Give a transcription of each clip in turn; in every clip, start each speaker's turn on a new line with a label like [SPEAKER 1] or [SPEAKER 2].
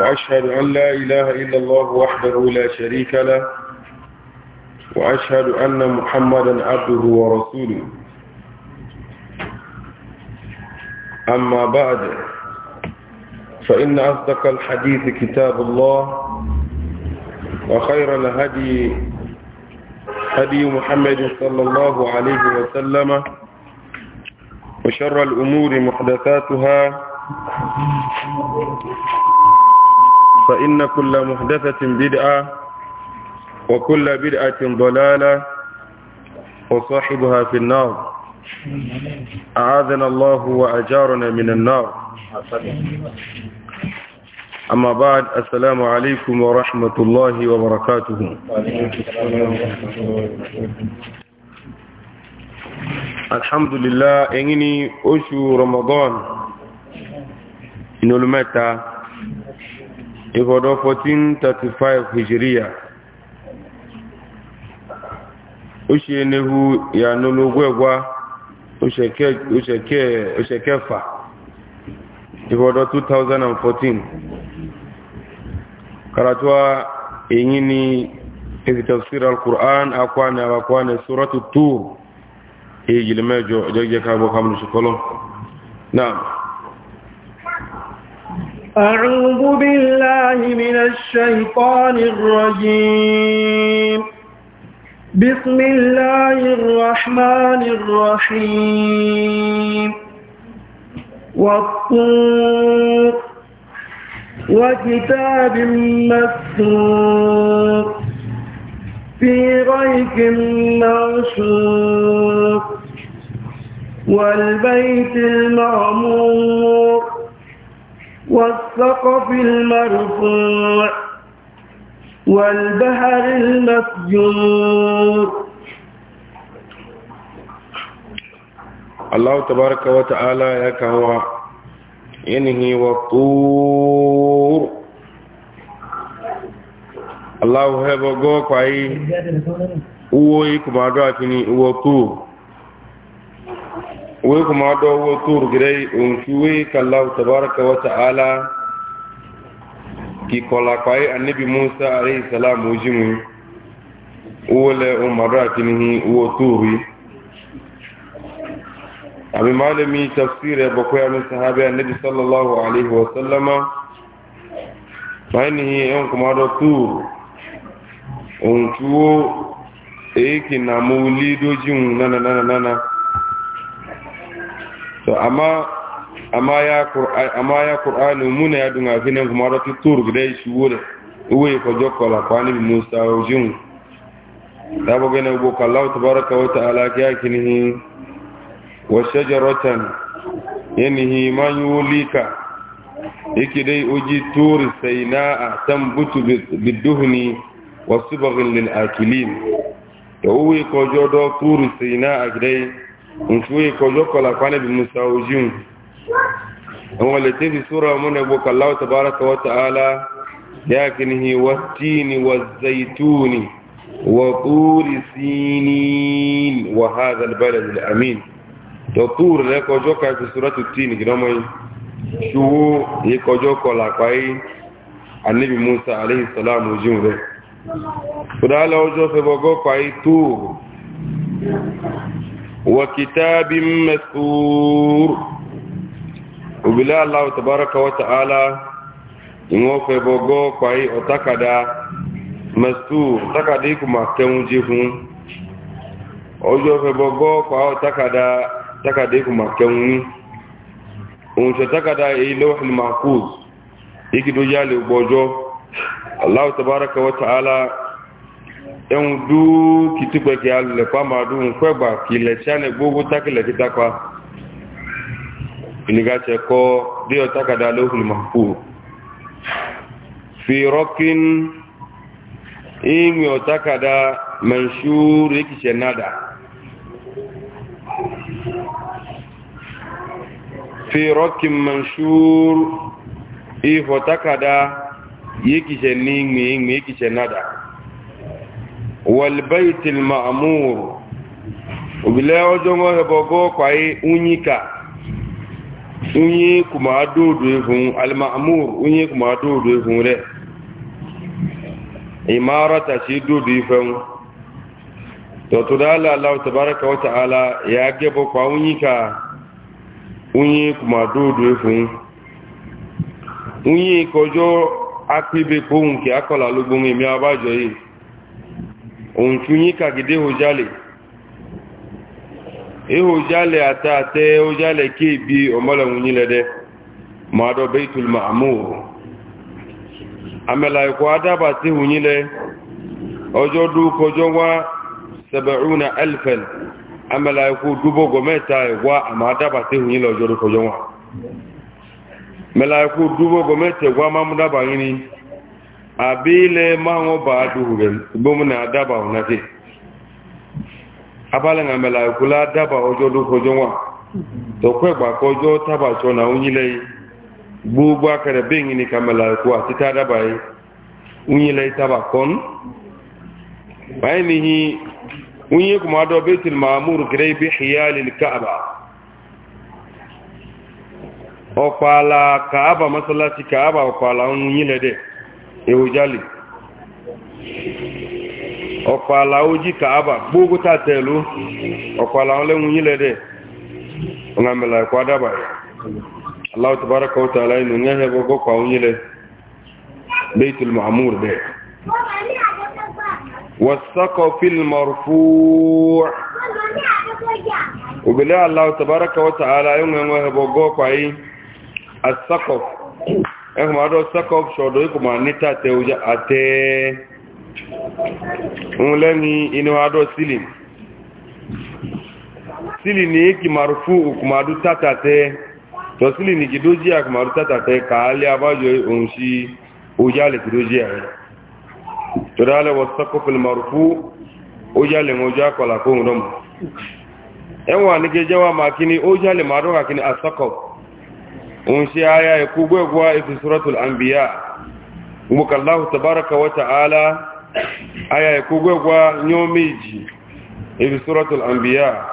[SPEAKER 1] وأشهد أن لا إله إلا الله وحده لا شريك له وأشهد أن محمدا عبده ورسوله أما بعد فإن أصدق الحديث كتاب الله وخير الهدي هدي محمد صلى الله عليه وسلم وشر الأمور محدثاتها فإن كل محدثة بدعة وكل بدعة ضلالة وصاحبها في النار أعاذنا الله وأجارنا من النار أما بعد السلام عليكم ورحمة الله وبركاته الحمد لله إنني أشو رمضان إنه المتى ìkọ̀dọ̀ 1435 hijiriya ó ṣe níhu ìyànlógógwẹ́gwá òṣèkẹfà ìkọ̀dọ̀ 2014 karatuwa èyí ni ìfitafsir al-kur'an akwana akwana suratu tur èyí jìlmẹ́jọ ìjọ́jẹ́ káàbọ̀ kàmùsùkọlọ́ náà أعوذ
[SPEAKER 2] بالله من الشيطان الرجيم بسم الله الرحمن الرحيم والطور وكتاب مسطور في غيك مرشوق والبيت المعمور والسقف المرفوع والبحر المسجور
[SPEAKER 1] الله تبارك وتعالى يا كهوى ينهي والطور الله هبا قوك وعي وويك ما دعتني والطور wai kuma dogo tur girai un shuwe kallahu tabaraka wa ta'ala ki kola kwai annabi musa alayhi salam ujimu wala umara kinhi wo turi abi malami tafsir ba ko yamin sahabi annabi sallallahu alaihi wa sallama bayani yan kuma do tur un tuwo e ki na mulido jin nana nana nana to amma amma ya qur'an amma ya qur'an mun ya dunga finan kuma da tutur gida shi wure uwe ko jokola kwani musa ujun da bo gane go kallahu tabaraka wa ta'ala ya kinihi wa shajaratan yanhi man yulika yake dai uji tur sayna tambutu biduhni wa subghin lil akilin to uwe ko jodo tur sayna agdai nfu yi ko loko la kwane bi musa ujun wa la tibi sura mun abu kallahu tabaraka wa ta'ala yakinihi wattini wazaituni wa turi sinin wa hadha albalad alamin to tur le ko joka ki suratu tin ginomo yi shuwo yi ko joko la kwai musa alayhi salam ujun re kudala ojo fe bogo kwai tur وكتاب مسكور وبلا الله تبارك وتعالى نوفي بوغو كواي اوتاكادا مسكور تاكاديكو ماكتمو جيفون ojofe bogo kwa takada takade ku makkewu unse takada e lawh al mahfuz ikido yale bojo allah tabaaraka wa ta'ala ẹ̀hùn dú kìtìpẹ̀kì alẹ̀pá máa dún un fẹ́gbà kì ilẹ̀ tí a ní gbogbo tákìlẹ̀ kí tápa ìlúgáṣẹ́ kọ́ bí ọ̀tákàdá lóhùn màkú fi rọ́kín ìmì ọ̀tákàdá mẹ́ṣú rékìṣẹ́ nádà fi rọ́kín mẹ́ṣú ìfọ̀tákàdá yékìṣẹ́ ní ìmì ìmì yékìṣẹ́ nádà والبيت المعمور وبلا وجنغ يبغو كاي اونيكا اوني كما دودو فون المعمور اوني كما دودو فون له اماره شي دودو فون to to da Allah Allah tabaraka wa ta'ala ya gebo kwa unyika unyi kuma dodo fun unyi kojo apibe ko unke òun tún yí kàgídé òjálè ihò òjálè àtàtẹ́ òjálè kí ibi ọmọlẹ̀hun yí lẹ́dẹ́ mọ́adọ̀ baitul ma'amur àmẹ́lá ikọ̀ adába tí hùn yí lẹ́ ọjọ́ dúkọjọ́ wá sẹ̀bẹ̀rún elfen àmẹ́lá ikọ̀ dúbọ̀ gọmẹ́ta ẹ̀wà àmà adába tí hùn yí lẹ́ ọjọ́ dúkọjọ́ wá mẹ́lá dúbọ̀ gọmẹ́ta mámúdábà ni abi ile manwo ba duhube bomu na adaba onake abala nga mela kula adaba ojo du hojo wa to kwe gba ko ojo taba cho na unyile gbugbu akere bengi ni kamela ku atita adaba yi e. unyile taba kon bayi ni hi unye kuma ado betul ma'mur kire bi hiyalil ka'ba ọ̀pàlà Kaaba masalaci Kaaba ọ̀pàlà ń yílẹ̀ dẹ̀ ewojali ọ̀pàlà ojì kàábà gbogbo tàtẹ̀lú ọ̀pàlà ọlẹ́wọ̀n yílẹ̀ dẹ̀ ọ̀nàmìlà ẹ̀kọ́ adábà aláwọ̀ tó bára kọ́ tààlà inú ní ẹ̀hẹ́ gbogbo pa ohun yílẹ̀ beitul mahmur dẹ̀ wọ́sọ́kọ̀ fílmọ̀rùfú obìnrin aláwọ̀ tó bára kọ́ tààlà inú ẹ̀hẹ́ gbogbo pa yí asọ́kọ̀ ẹkùnmọ̀ adọ́ sakọp ṣọ̀dọ̀ ikùnmọ̀ níta tẹ́ọjá àtẹ́ ń lẹ́ni inú adọ́ sílìn sílìn ní kí maru fún òkùnmọ̀dú tátàtẹ́ tọ́ sílìn ní kí dójí àkùnmọ̀dú tátàtẹ́ kàálẹ́ abájọ òun sí ojá lè kí dójí ààrẹ tọ́dá lẹ́wọ̀ sakọpẹ̀lú maru fún ojá lè mọ ojá kọlà fóun dọ́mọ̀ ẹwọ̀n àníkẹjẹ́wà máa kí ni ojá lè máa dọ́kà kí ni asakọpẹ̀ ونشي آية يكوبوا يقوى في سورة الأنبياء ومك الله تبارك وتعالى آية يكوبوا يقوى نيوميجي في سورة الأنبياء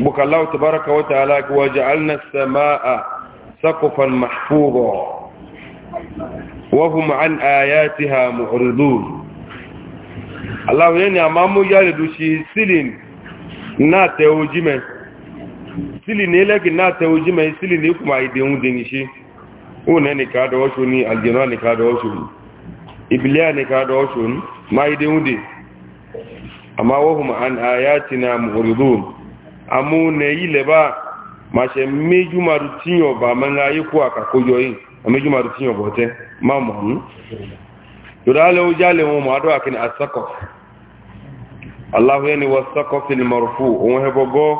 [SPEAKER 1] ومك الله تبارك وتعالى وجعلنا السماء سقفا محفوظا وهم عن آياتها معرضون الله يعني أمامه يالدوشي شي سيلين ناتي وجمه sili ne lẹ́kì náà tẹ ojú mẹ́ sili ne kùmà ìdẹ̀hún dẹni ṣe ó nẹ́ nìka dọ́ọ̀ṣọ́ ni àlìjẹ̀nà nìka dọ́ọ̀ṣọ́ ni ìbílẹ̀ nìka dọ́ọ̀ṣọ́ ni má ìdẹ̀hún dẹ̀ àmà wọ́hùn àn àyà ti na mọ̀rọ̀dọ́ àmú nẹ́ yìí lẹ́bà má ṣe méjì má du tíyàn bà mẹ́ngà ayé kó àkàkójọ yìí méjì má du tíyàn bọ̀ tẹ́ má mọ̀ ọ́n tòdá lẹ́wọ́ jálẹ̀ wọn mọ̀ adọ́ àkínní àsakọ̀ aláhùn yẹn ni wọ́n sakọ̀ fìlì mọ̀rọ̀fù òun hẹ́bọ̀ gọ́ọ́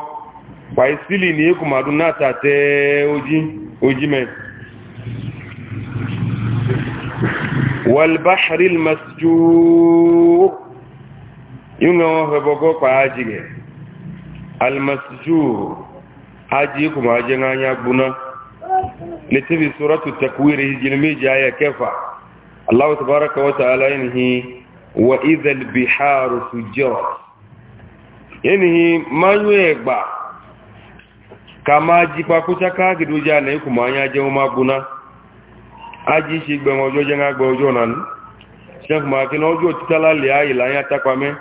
[SPEAKER 1] wàyí sílì ní ikú màdún náà tàtẹ́ ojí ojí mẹ́ walbahril masjúúr yíò wọn fẹ́ bọ́gọ́ pa ájì rẹ̀ almasjúúr ájì ikú màá jẹ́ ányá gbúná lè tí bí sọ́rọ̀tù takwiri jìn méjì ayẹ kẹfà aláwọ̀ tabaraka wata aláyìnhí wa ìzẹ̀lbìhárù sujọ́ yẹ́nìí máa yóò kama jikpa kúta káàkiri ojú àná ikú ma anya jẹun ma gbóná ají ṣe gbẹmọ ọjọ́ jẹ́ ńgbà ọjọ́ náà ṣẹ́kùn ame kí ní ọjọ́ títà lálẹ́ ayì láyá tápamẹ́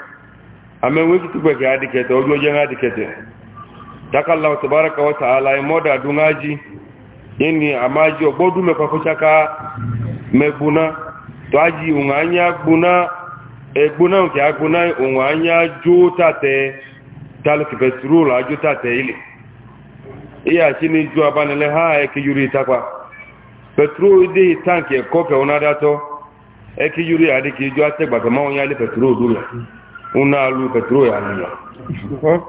[SPEAKER 1] amẹ́wẹ́ kìtù pẹ̀kẹ́ adìkẹ̀tẹ̀ ọjọ́ jẹ́ adìkẹ̀tẹ̀ takala ọ̀tọ̀bárakà ọ̀tà aláì mọ́dà dún ají yẹni àmájí ọgbọ́dún mẹ́pa kúta ká mẹ́gbóná tó ají òun anya gbóná ẹgbóná òkè agbóná òun anya jó tàtẹ tálùkì pẹ̀sìrò làájó tàtẹ ilẹ̀ iya ci ni ju abanile ha eki eh, yuri itakwa petro di tanki eko eh, eh, ke eki yuri adi ki ju ategba ma onye yale petro dula una alu petro ya niya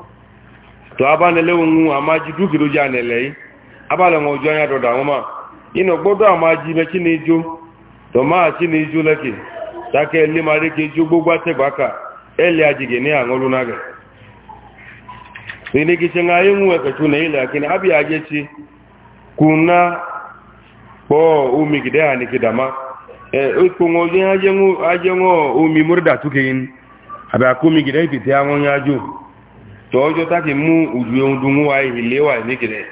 [SPEAKER 1] to abanile ohun amaji dukiro ja nele yi abale wọn ojú anya dọ̀dọ̀ àwọn máa inú gbọ́dọ̀ àmà jí mẹ́kí to ma tó máa sí ní ijó lẹ́kì tákẹ́ ilé marí kí ijó gbogbo àtẹ́gbàkà inigicin ayin wakacu na yi lakini abi a geci kuna kpọ umi gida ya niki dama ikun ojin ajenwo umi murda tuke yin abi a kumi gida ifite ya wọn to ojo taki mu uju ohun dunwa ilewa inigide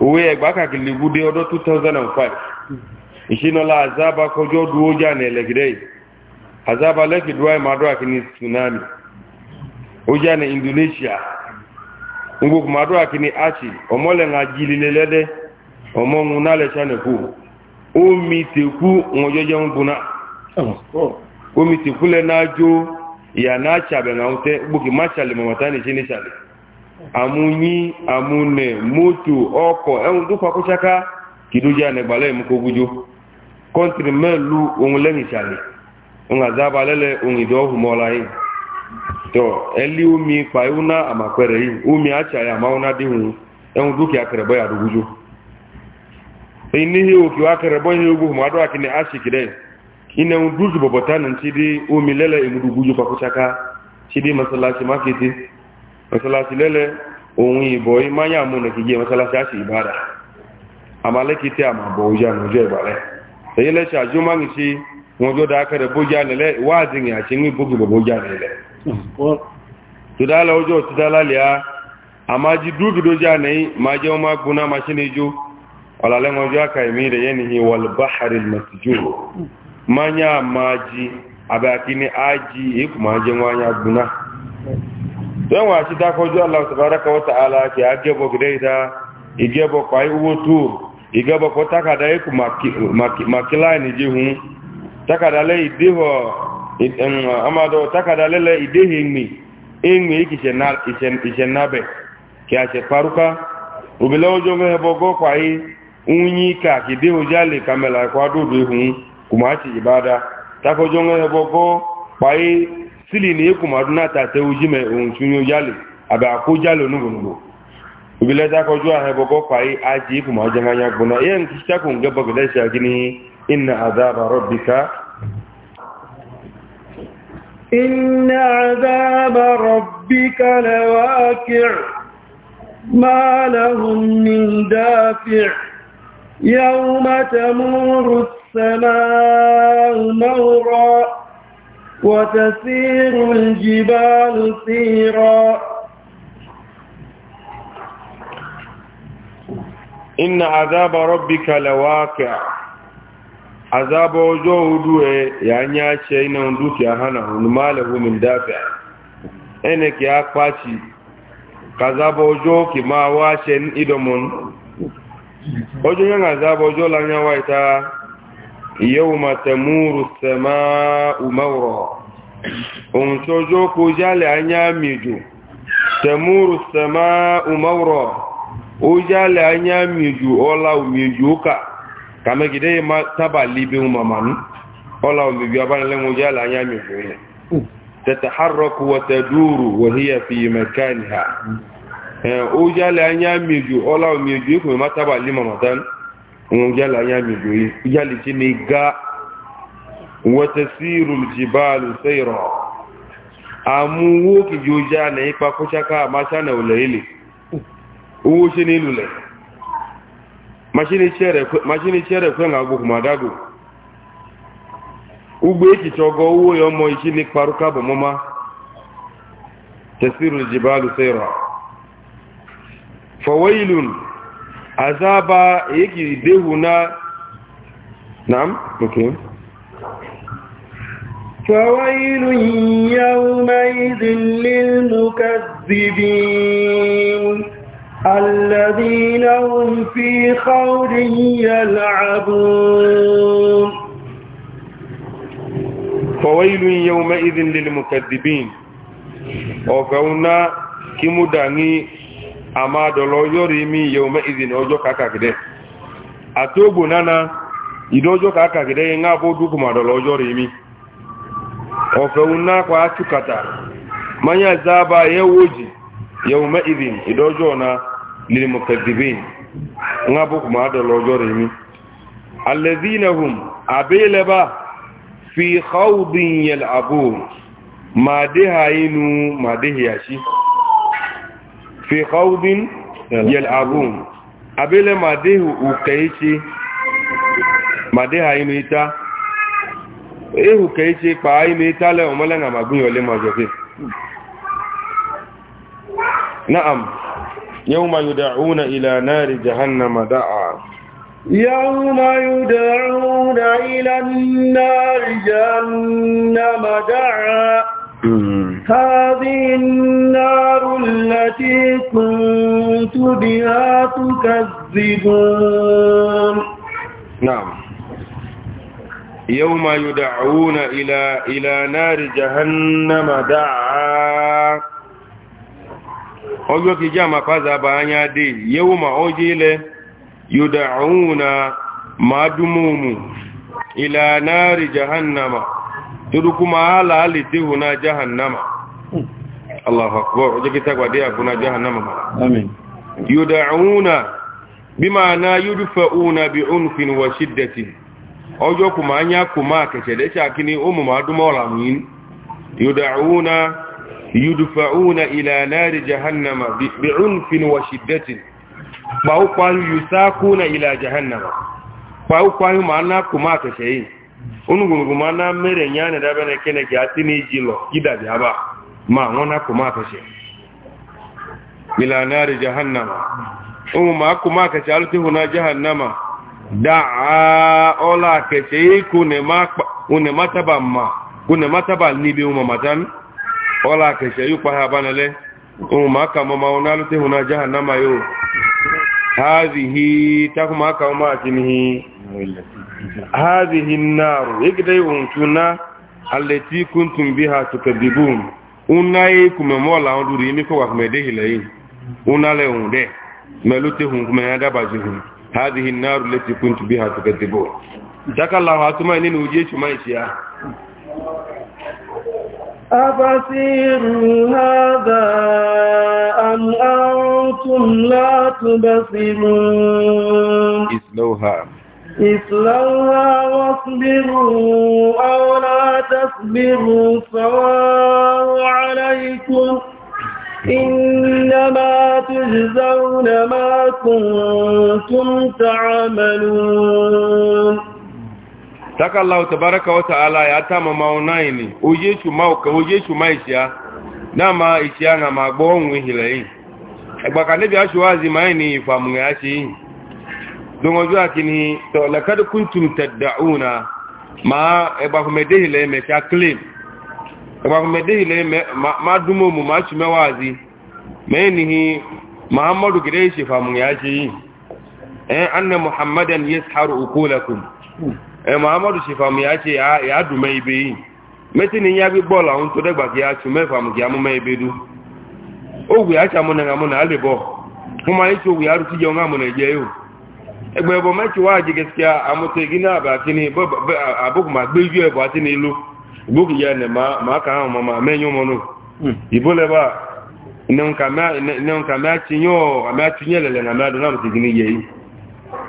[SPEAKER 1] owe egba kakili gude ọdọ 2005 ìṣínọlá azaba kọjọ́ dúó jà ní ẹlẹ́gidẹ́ azaba lẹ́kìdúwà ìmàdọ́ àkíní tsunami ó jà indonesia ngbo kumadu akini achi omole nga jililelede omo ngunale chane ku omi teku ngojoje mbuna omi teku le najo ya na chabe nga ute buki machale mamatani chini chale amunyi amune mutu oko ehun dupa kuchaka kiduja ne gbale mu guju kontri melu ongulengi chale ongazaba lele ongido humolayi to eli umi pa una amakwere yi omi umi acha ya mauna dihu en duki akrebo ya duguju inihi uki akrebo ni ugu madu akini ashikide ine unduzu bobotana ntidi umi lele imuduguju pa kuchaka chidi masalasi makiti masalachi lele ohun ibo imanya mu ne kije masalachi ama ibada amalekite amabo uja noje ibale eyele cha juma ngichi won jo da akrebo ja lele wazin ya chingi bugi boboja lele tudala ojo tudala lia amaji dugido jane maje o maguna mashine jo wala lengo jo aka imire yenihi wal bahri al masjur manya maji abakini aji iku maje wanya guna dan wa shi ta ko jo Allah tabaaraka wa ta'ala ki agebo gidaida igebo kwai uwotu igebo ko takada iku makilani jihun takada le ideho Um, amado takada lele idehe engbe na ikiche nabe se paruka obele ojo nwe ebe ogo kwaghị unyi ka kide ojali kamela kwadodo ihu kumachi ibada taka ojo nwe ebe ogo kwaghị sili na na tate oji me abe jali onugbunugu obele taka ojo ahụ ebe ogo aji anya gbuna ihe nke nge n'ihe inna azaba
[SPEAKER 2] إن عذاب ربك لواقع ما لهم من دافع يوم تمور السماء مورا وتسير الجبال
[SPEAKER 1] سيرا إن عذاب ربك لواقع azaba ọjọ́ e ẹ yà á nyá ṣe iná dúkìá hánà onímọ̀lẹ̀ omi dáfẹ́ ẹnì kí á pàṣì kazaba ọjọ́ kì máa wá ṣe ìdọ̀mọ̀nù ọjọ́ yẹn azaba ọjọ́ lanyáwá ìta ìyẹ́wò màtẹ̀múrù sẹ̀má umẹ́wọ̀ ohun tí ọjọ́ kò jálẹ̀ anyá mìjò tẹ̀múrù sẹ̀má umẹ́wọ̀ ó jálẹ̀ anyá mìjò ọlá mìjò kà kamegide ma taba libewu mamanu ọla omebi abanilẹ́wọ̀n jẹ́ àlàyé àmì hm. ìfòyìn tẹ̀tẹ̀hárọ̀kù wọ̀tẹ̀dúrù wọ̀híyà fi mẹ́kánì ha ó jẹ́ àlàyé àmì ìjò ọla omebi ikùn ma taba lí mamatan wọn jẹ́ àlàyé àmì ìjò yìí ìjálè tí ni ga wọ́tẹ̀ síìrù jìbáàlù sẹ́yìrọ̀ àmúwó kìjọ jẹ́ àlàyé pa kúṣáká àmáṣánà òlẹ̀ ilẹ̀ owó ṣe ní machini chere kwe nga agwụ madago ugbo echiche ọgọ uwe ya ọmọ ichi ni kparuka bụ mụma tesiru jibalu sera fawailun azaba yake dehu na nam okay
[SPEAKER 2] فويل
[SPEAKER 1] يومئذ
[SPEAKER 2] للمكذبين الذين هم في خور يلعبون
[SPEAKER 1] فويل يومئذ للمكذبين وفونا كمداني أما دلو يريمي يومئذ أجو كاكاكده أتوبو نانا إدوجو كاكاكده ينغابو دوكما دلو يريمي وفونا كوا أتوكتا من يزابا يوجي يومئذ إدوجونا للمكذبين نابوك ما هذا الوجور الذين هم أبيلبا في خوض يلعبون ما دهينو ما دهياشي في خوض يلعبون أبيل ما دهو أكيشي ما دهينو إتا إيه أكيشي فأينو إتا لأمالا ما بنيولي ما جوفي نعم يوم يدعون إلى نار جهنم دعا
[SPEAKER 2] يوم يدعون إلى النار جهنم دعا هذه النار التي كنت بها تكذبون
[SPEAKER 1] نعم يوم يدعون إلى, إلى نار جهنم دعا ọjọ́ kìí jẹ́ àmàfáza bá ányá dé yẹ́wò ma ó jẹ́ ilẹ̀ yóòdà ọ̀hún na máa dúnmọ́mù ìlànà rí jahannama tó dúkú máa láàlì tíhù na jahannama allahu akbar ọjọ́ kìí tagbàdé àbúna jahannama yóòdà ọ̀hún na bí máa na yóòdù fẹ́hún yudufa'una ila nari jahannama bi'unfin wa shiddatin bawo kwayo yusakuna ila jahannama bawo kwayo ma'ana kuma ka shayi unu gungu ma'ana mere nyane da bane kene ki atini jilo gida da ba ma wona kuma ka shayi ila nari jahannama umu ma kuma ka shayi alti huna jahannama da'a ola ka shayi kune ma kune mataba ma kune mataba ni bi umma matami ọla akẹsẹ̀ yóò paha abánilẹ́ ụmụaka ma ka mọ́ ma na lálùtẹ́ ha n'ama ya ha tukẹ̀dìbù una yìí kùmẹ̀mọ́ làwọn dúró yìí ní kọ́wà kùmẹ̀dé ìlẹ̀ yìí una lẹ̀ hùn dẹ̀ mẹ́lùtẹ́ ha tukẹ̀dìbù bibu àwọn atúmọ̀ nínú ojú èṣù máa ń ya
[SPEAKER 2] أبصير هذا أم أنتم لا تبصرون إسلوها إسلوها واصبروا أو لا تصبروا سواء عليكم إنما تجزون ما كنتم تعملون
[SPEAKER 1] taka allahu tabaraka wa ta'ala ya tama maunaini oyesu mauka oyesu maisha na ma isha na ma gbo onwe hilei egba ka nabi ashu wazi maini famu ngashi dongo jua kini to lakad kuntum tad'una ma egba kumede hilei me cha claim egba kumede hilei me ma dumo mu ma chume wazi maini muhammadu gireshi famu ngashi eh anna muhammadan yasharu ukulakum e eh, si shifam ya ce ya dume ibe yi metinin ya bi bọọlụ ahụ ntụdegba gị achụ mefam gị amụma ebedu ogwe ya chamụ na amụ na alibọ hụma ịchụ ogwe ya rụtụ amụ na eje ihu egbe bụ mechiwa ji gaskiya amụta gị na abụghị ma gbe ihu ebu atị n'ilu gbogbo ya ne ma aka ahụ ma ma menye ụmụnụ iboleba nne nka mea tinye elele na mmadụ na amụta gị n'ihe yi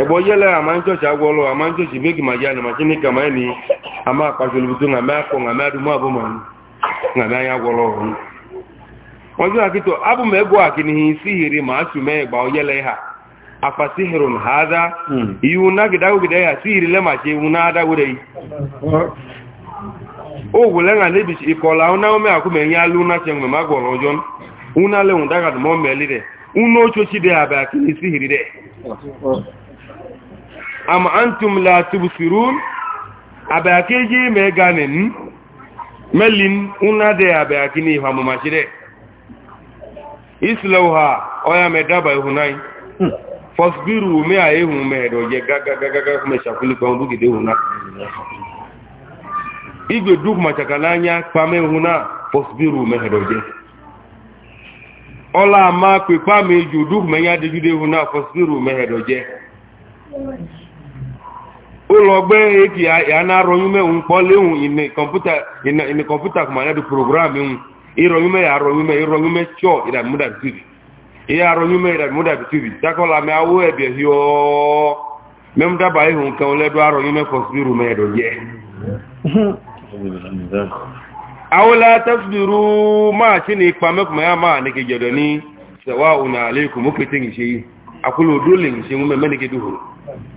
[SPEAKER 1] egbo yele amanjochi agwọlụ amanjochi beki ma gị anama chineke ma ni ama akpazilibuto na akpọ na mee adum abụ ma na mee anya gwọlụ ọhụrụ ọjọ akịtọ abụ m egwu akị ihe isi hiri ma atụ mee gba oyele ha afa sihiru hmm. na ada iwu nagide agụgide ya sihiri lemachi na na nebichi ikọla ụna ome akwụ ma na ma am antum la tubsirun abakeji me ganin melin una de abakini famu mashire islauha oya me daba hunai hmm. fasbiru me aye hun me do je gaga gaga gaga me shakuli ko ndu gide huna igbe duk machakalanya pame huna fasbiru me do je ola ma pe pame ju duk me ya de jude huna fasbiru me do je ana da olọgbẹ́ eki anarọyúnmẹ́ ń pọ́ léhùn ìní kọmpútà kùmọ̀lẹ́dù pùrògrámì ń ìrọyúnmẹ́ àrọyúnmẹ́ ìrọyúnmẹ́ tíọ́ ìdàmúdàbìtìbì ìyá àrọyúnmẹ́ ìdàmúdàbìtìbì tákọ́lá mi awó ẹ̀bẹ̀ yọ mẹ́múdàbà ihun kan lẹ́dọ̀ àrọyúnmẹ́ fọ́sibírù mẹ́ẹ̀dọ̀ yẹ. awola tẹ́sibírù máa ṣe ní ipa mẹ́kùnmẹ́ á máa ní kejọ̀dọ̀ ní sẹ̀wá ònà àlékún mú kété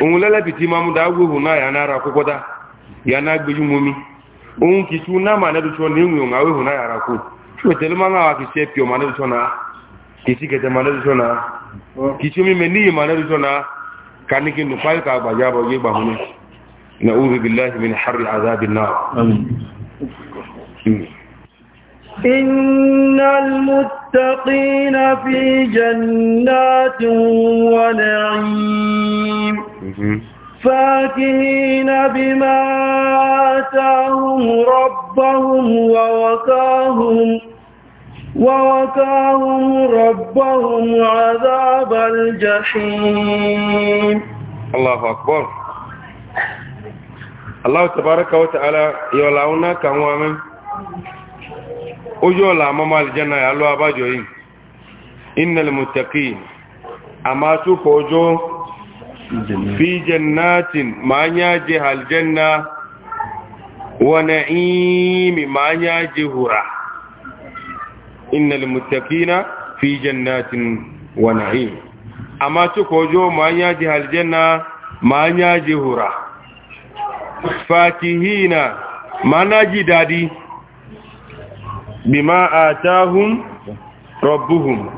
[SPEAKER 1] òun lẹ́lẹ́bìtì máa mú dáa gbóhùn náà yàrá ara kó kọ́dá yàrá gbéjú mú òun kì í tún náà máa nẹ́dùtú ọ̀nà ìwé òun àwéhùn náà yàrá kó ṣùgbọ́n tẹ́lẹ̀ máa ń wá kì í ọ̀mà nẹ́dùtú ọ̀nà kì í sí kẹtẹ máa nẹ́dùtú ọ̀nà kì í ṣe mímẹ́ níyì máa nẹ́dùtú ọ̀nà kaniki nù fáyì ká gbàjá bọ̀ yé gbà hún
[SPEAKER 2] إن المتقين في جنات ونعيم فاكهين بما آتاهم ربهم ووكاهم ووكاهم ربهم عذاب الجحيم
[SPEAKER 1] الله أكبر الله تبارك وتعالى يولاونا كمواما ojola mama aljanna ya lo abajo yi innal muttaqin ama tu fi jannatin ma je aljanna wa na'imi ma je hura innal muttaqina fi jannatin wa na'im amma ci kojo ma je aljanna ma je hura fakihina ma naji dadi bima atahum rabbuhum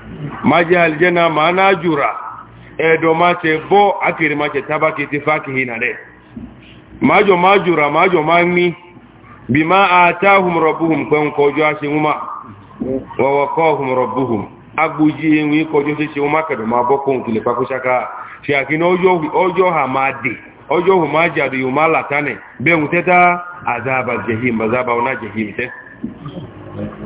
[SPEAKER 1] maji aljana maana jura edo mache bo akiri mache tabaki itifaki hina de majo majura majo mani bima atahum rabbuhum kwen kojo asinguma wa waqahum rabbuhum agbuji enwi kojo se seuma kedo maboko nkile pakushaka fi akino ojo ojo hamadi ojo humaja bi umala tane be muteta azaba jahim azaba una jahim te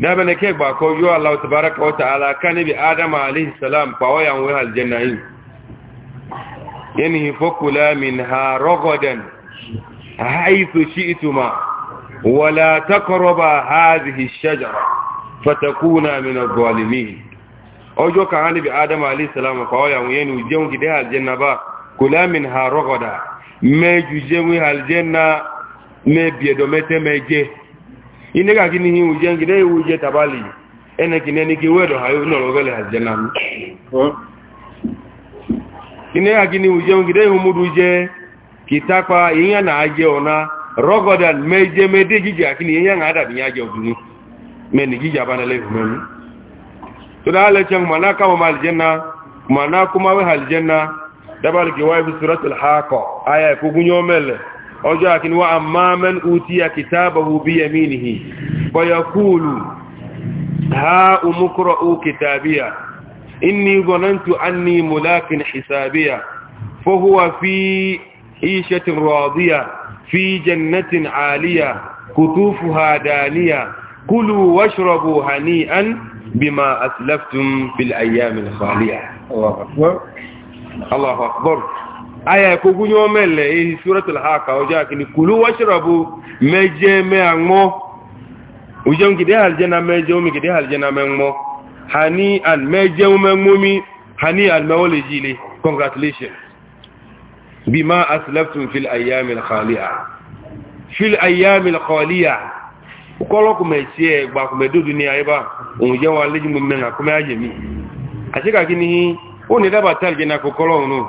[SPEAKER 1] dabe ne ke ba ko yo Allah tabaraka wa ta'ala kan bi adam alayhi salam ba wa yan wal jannahi yani fakula minha ragadan haythu shi'tuma wa la taqraba hadhihi ash-shajara fatakuna min adh-dhalimin ojo kan bi adam alayhi salam ba wa yan yenu jeun gide aljanna ba kula minha ragada me juje aljanna me biedo mete meje inega kini hi ujengide uje tabali ene kineni kiwedo hayo nologele aljanna inega kini humudu humuduje kitapa inya na aje ona rogodan meje mede gije akini inya ngada binyaje odunu meni gije abana le humeni tudale chang mana kama aljanna mana kuma we aljanna dabal kiwai bi suratul haqa aya kugunyomele ولكن واما من اوتي كتابه بيمينه فيقول ها امقرؤ كتابيا اني ظننت اني ملاك حسابيا فهو في عيشة راضية في جنة عالية كتوفها دانية كلوا واشربوا هنيئا بما أسلفتم في الأيام الخالية
[SPEAKER 2] الله أكبر
[SPEAKER 1] الله أكبر aya kogun yo mele ehi suratul haka oja kini kulu washrabu meje me anmo ujon gide aljana meje o mi gide aljana menmo hani an meje o menmo mi hani al mawli jile congratulations bima aslaftum fil ayyam al khali'a fil ayyam al khali'a ukolo ku meje gba ku medu dunia iba unje wa leji mu menga kuma ajemi ashika kini oni daba taljana ko kolonu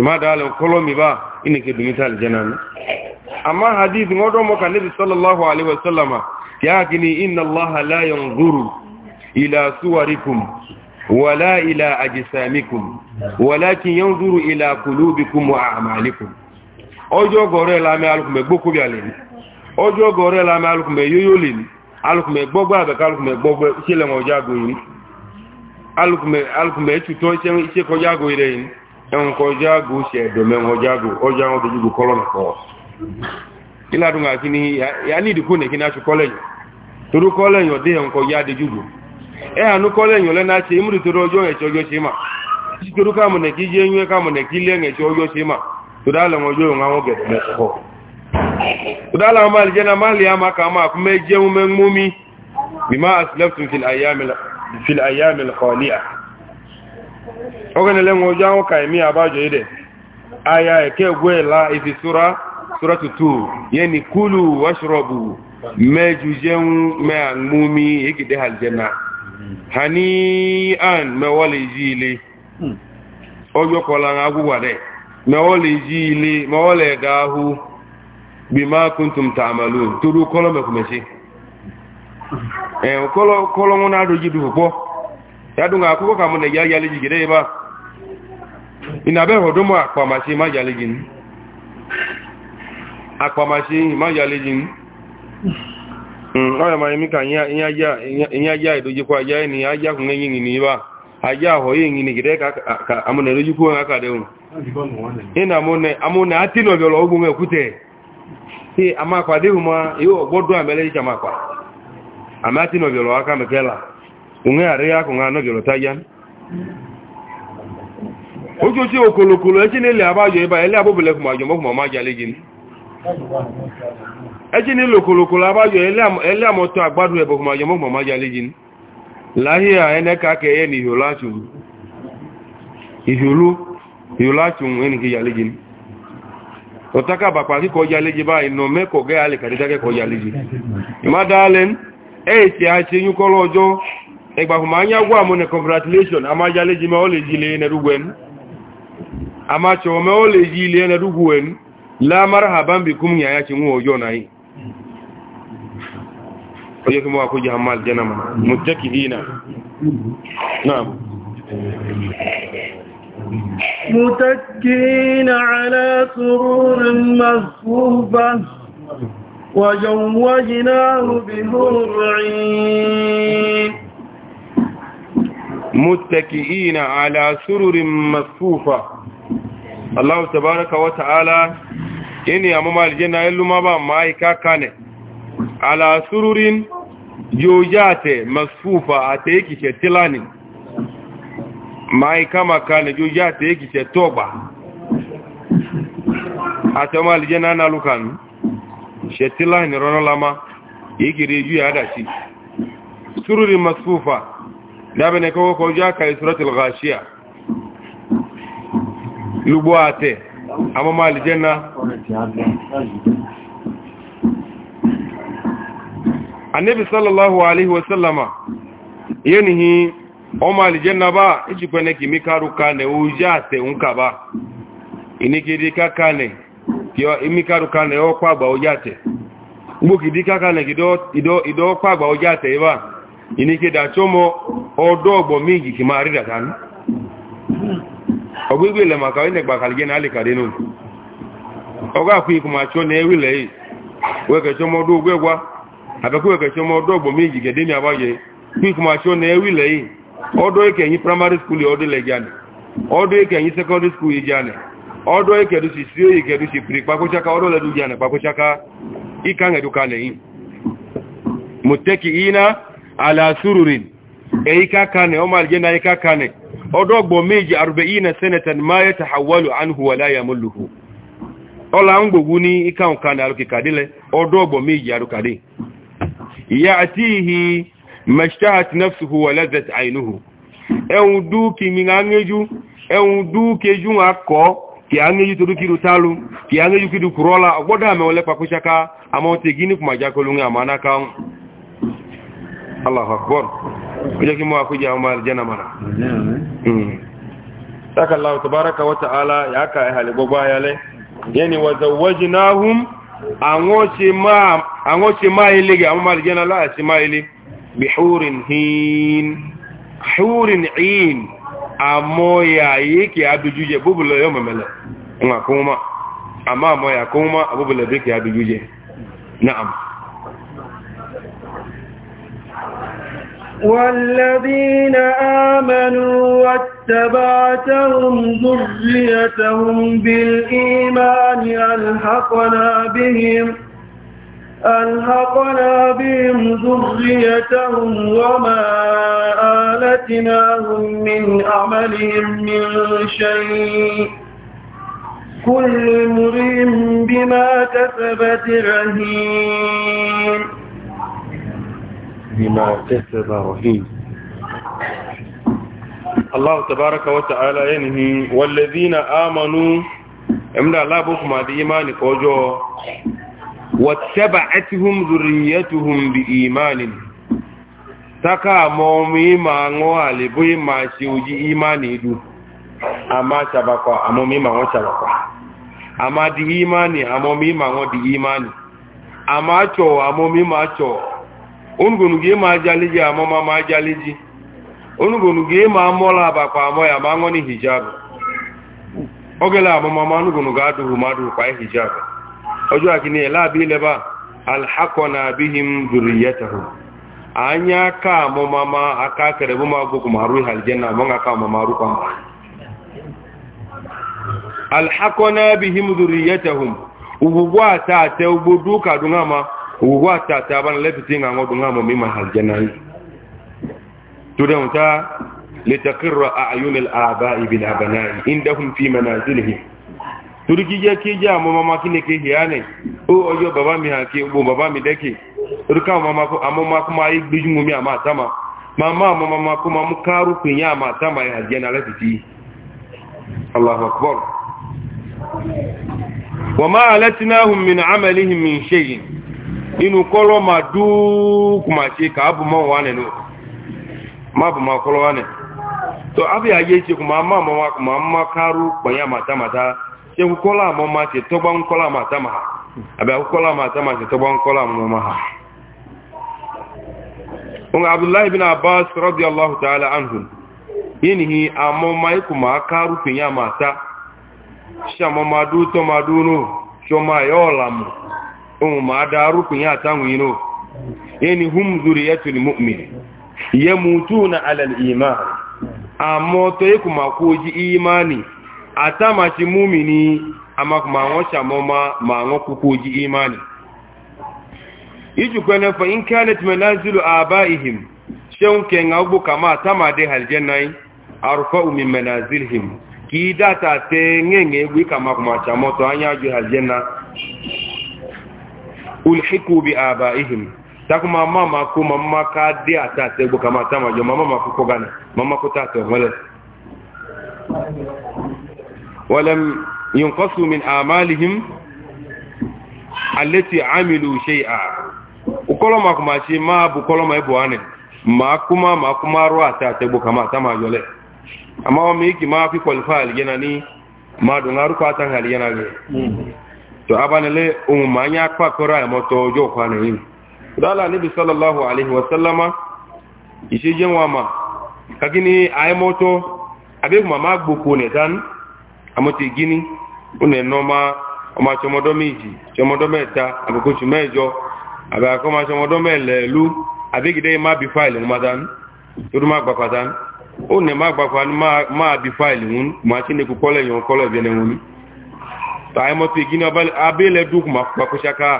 [SPEAKER 1] imada ala kolomi ba ina ke dumita aljanan amma hadith ngodo mo kan nabi sallallahu alaihi wasallama ya gini inna allaha la yanzuru ila suwarikum wala ila ajsamikum walakin yanzuru ila qulubikum wa a'malikum ojo gore la me alukume gboku bi ale ojo gore la me alukume yoyole ni alukume gbogbo abe ka alukume gbogbo sile mo jago yin alukume alukume tuto ise ise ko jago yin ẹnkọ jágo ṣe ẹdọmẹ wọn jágo ọjọ àwọn tójú gbò kọlọmọ pọ ìlàdùn àti ní yà ní ìdíkò nìkí náà ṣe kọlẹyìn torú kọlẹyìn ọdẹ ẹnkọ yá adé jùgbò e ẹ àánú kọlẹyìn ọlẹ náà ṣe émúdì torú ọjọ ẹṣẹ ọjọ ṣe mà títí torú káàmù nẹkí jẹ ẹyún káàmù nẹkí lẹyìn ẹṣẹ ọjọ ṣe mà tó dá lẹwọn ọjọ ìwọn àwọn gẹdẹ mẹsọkọ tó dá lẹwọn máa lè jẹ náà máa lè àmà kà máa fún mẹ jẹun mẹ mú mi bí má àṣìlẹ ogenele nwe ojo ahụ ka emi abajo ide a eke gwela ifi sura sura tutu yeni kulu washrobu mejujenwu meamumi ha haljanna hani an mewole ji ile ojo kola na agwụgwa de mewole ji ile mewole ga ahụ bima kuntum ta'malun turu kolo mekumesi eh kolo kolo na adoji dupo yadunga akoko kamune ya yale jigire ba inabe hodomo akwa mashi ma yale jin akwa mashi ma yale jin mm oya ma mi kan ya ya ya ya idoji kwa ya ni ya ya kunga yin ni ba aja ho yin ni gire ka amune roji ku ina amune amune atino bi lo ogun ekute ti ama kwa amele chama kwa amati no bi onwe ghara ya akụ ga nọgịrịta okolokolo eche na-eli aba ajọ ele abụbụlek ma e ajọ e e ma ma jali gị na okolokolo aba ajọ ele agbadụ ebe ma ajọ ma ma jali gị lahia eneka aka na ihiolu enike jali gị ọtaka bakwa jali gị nọ jali gị egbafuma anya gwa m na congratulation amajale ji me ole ji le na rugwen amacho me ole ji le na rugwen la marhaban bikum ya ya chinwo ojo na yi oye kuma ku jamal janama mutakihina na'am
[SPEAKER 2] متكئين على سرور مصفوفة
[SPEAKER 1] وجوجناه بنور عين متكئين على سرر مصفوفة الله تبارك وتعالى إني أمام الجنة إلما با مايكا كان على سرر جوجات مصفوفة أتيكي شتلاني مايكا ما كان جوجات أتيكي شتوبة أتمام الجنة أنا لكان شتلاني رنو لما يجري جوي هذا شيء سرر مصفوفة dabene ko ko jaka suratul ghashiya lubwate ama mal janna annabi sallallahu alaihi wasallama yanihi o mal janna ba iji kwene kimi karuka ne te unka ba inikidi kakane kio imikaruka ne okwa gba ujate ugbo kidi kakane kido ido ido okwa gba ujate ba inike da chomo odogbo mingi kimarida tan ogwigwile maka wine gbakaligena alikadenu ogo akwi kuma cho na ewile yi weke chomo odogwegwa abeku weke chomo odogbo mingi gedeni abaye kwi kuma cho na ewile yi odo eke yi primary school odo legiani odo eke yi secondary school ijane odo eke du si sio ike du si pri pa kuchaka odo ledu jane pa kuchaka ikanga dukane yi muteki ina ala sururin eika kane o maljana eika kane odogbo meji 40 senatan ma yatahawalu anhu wala yamulluhu ola ngbogu ni ikan kane alukikadile odogbo meji arukade ya'tihi mashtahat nafsuhu wa ladzat aynuhu ehun duki mi ngangeju ehun duke ju akko ki angeju to dukiru talu ki angeju kidu kurola ogoda me ole pakushaka amotegi ni kumajako lunga manaka Allahu akbar kuje ki mu akuje amma aljanna mana saka Allah tabaraka wa ta'ala ya ka ai hali gbogbo ayale yani wa zawwajnahum angochi ma angochi ma ile ga amma aljanna la chi ma ile bi hurin hin hurin in amoya yake abujuje bubulo yo mamela kuma kuma amma amoya kuma bubulo yake abujuje na'am
[SPEAKER 2] والذين آمنوا واتبعتهم ذريتهم بالإيمان ألحقنا بهم ألحقنا بهم ذريتهم وما آلتناهم من عملهم من شيء كل مريم بما كسبت رهين
[SPEAKER 1] بما كسب رهين الله تبارك وتعالى ينهي والذين آمنوا امنا لا بكم بإيمان كوجو واتبعتهم ذريتهم بإيمان تكا مومي ما علي بوي ما شوجي يدو دو أما شبكا ما هو وشبكا أما دي إيماني ما هو دي إيماني أما شو أما ما شو onugonu gị ma ajali ji amụma ma ajali ji onugonu ma amụla abakwa amụ ya ma ogele amụma ma onugonu ga-adụghị mmadụ kwa ihijabụ ọjọọ akị na-ele ileba alhakọ na abịghị m duriyatahu anya aka amụma ma aka kere bụ ma gbogbo ma aka amụma alhakọ na abịghị m duriyatahu ugwugwu ata ate ugbo duka dunama ugu ata ta ban lafiti nga ngodu nga mo mima hal a tudamta litaqirra a'yun al-aba'i bil abanai indahum fi manazilihim turiki je ke ja mo mama kine ke hiane o ojo baba mi hake bo baba mi deke ruka mama ko ma kuma yi gbiju mu mi ma tama mama mo mama kuma mu karu ama tama ya jena lafiti Allahu akbar inu kɔlɔ ma duu kuma se k'a buma wane no ma buma kɔlɔ wane to a bɛ a ye se kuma ma ma wa kuma ma kaaru kpanya ma ta ma ta seku kɔla ma ma se tɔgba kɔla ma ta ma ha a bɛ a kɔla ma ta ma se tɔgba kɔla ma ma ha nka abdullahi bin abbas radiyallahu ta'ala anhu yinihi a ma ma yi kuma kaaru kpanya ma ta shamamadu tɔmadu no sɔma yɔ lamu. ohun ma dáárù kùn yá àtàwọn iná yẹni hum zuri yẹ tuni mu'mini yẹ mutu na alal iman àmọ́ tó yi kuma kó jí imani àtàmà ti múmini àmà won sha sàmọ́ ma wọn kú kó jí imani ijukwe na fa in kyanet manazilu abaihim ṣeun kẹnga gbogbo kama àtàmà dé aljannai arfa umin manazilhim kì í dáta tẹ́ ngẹ́ngẹ́ gbé kama kùmà sàmọ́ tó anyájú aljanna ulhiku bi abaihim takuma mama ko mama ka de ata se gbo kama tama jo mama ma ko gana mama ko ta to wala walam yunqasu min amalihim allati amilu shay'a ukolo ma kuma chi ma bu kolo ma ibo ane ma kuma ma kuma ro ata se gbo kama tama jo le ama mi ki ma fi qualify yana ni ma do ngaru ko ata ngali yana hmm. le to abanile ohun ma nya pa kora mo to ojo kwa ni dala nabi sallallahu alaihi wasallama ise je wa ma kagini ay moto abe ma ma gboko ne tan amoti gini une no ma o ma chomodo miji chomodo meta aboko chu mejo abe ko ma chomodo melelu abe gide ma bi file ma dan turu ma gba kwatan o ne ma gba kwan ma ma bi file mun ma chine ku kole yon kole bi ne mun tàìmọ́tò ìgíní abẹ́lẹ̀ dúkùn pàkóṣáká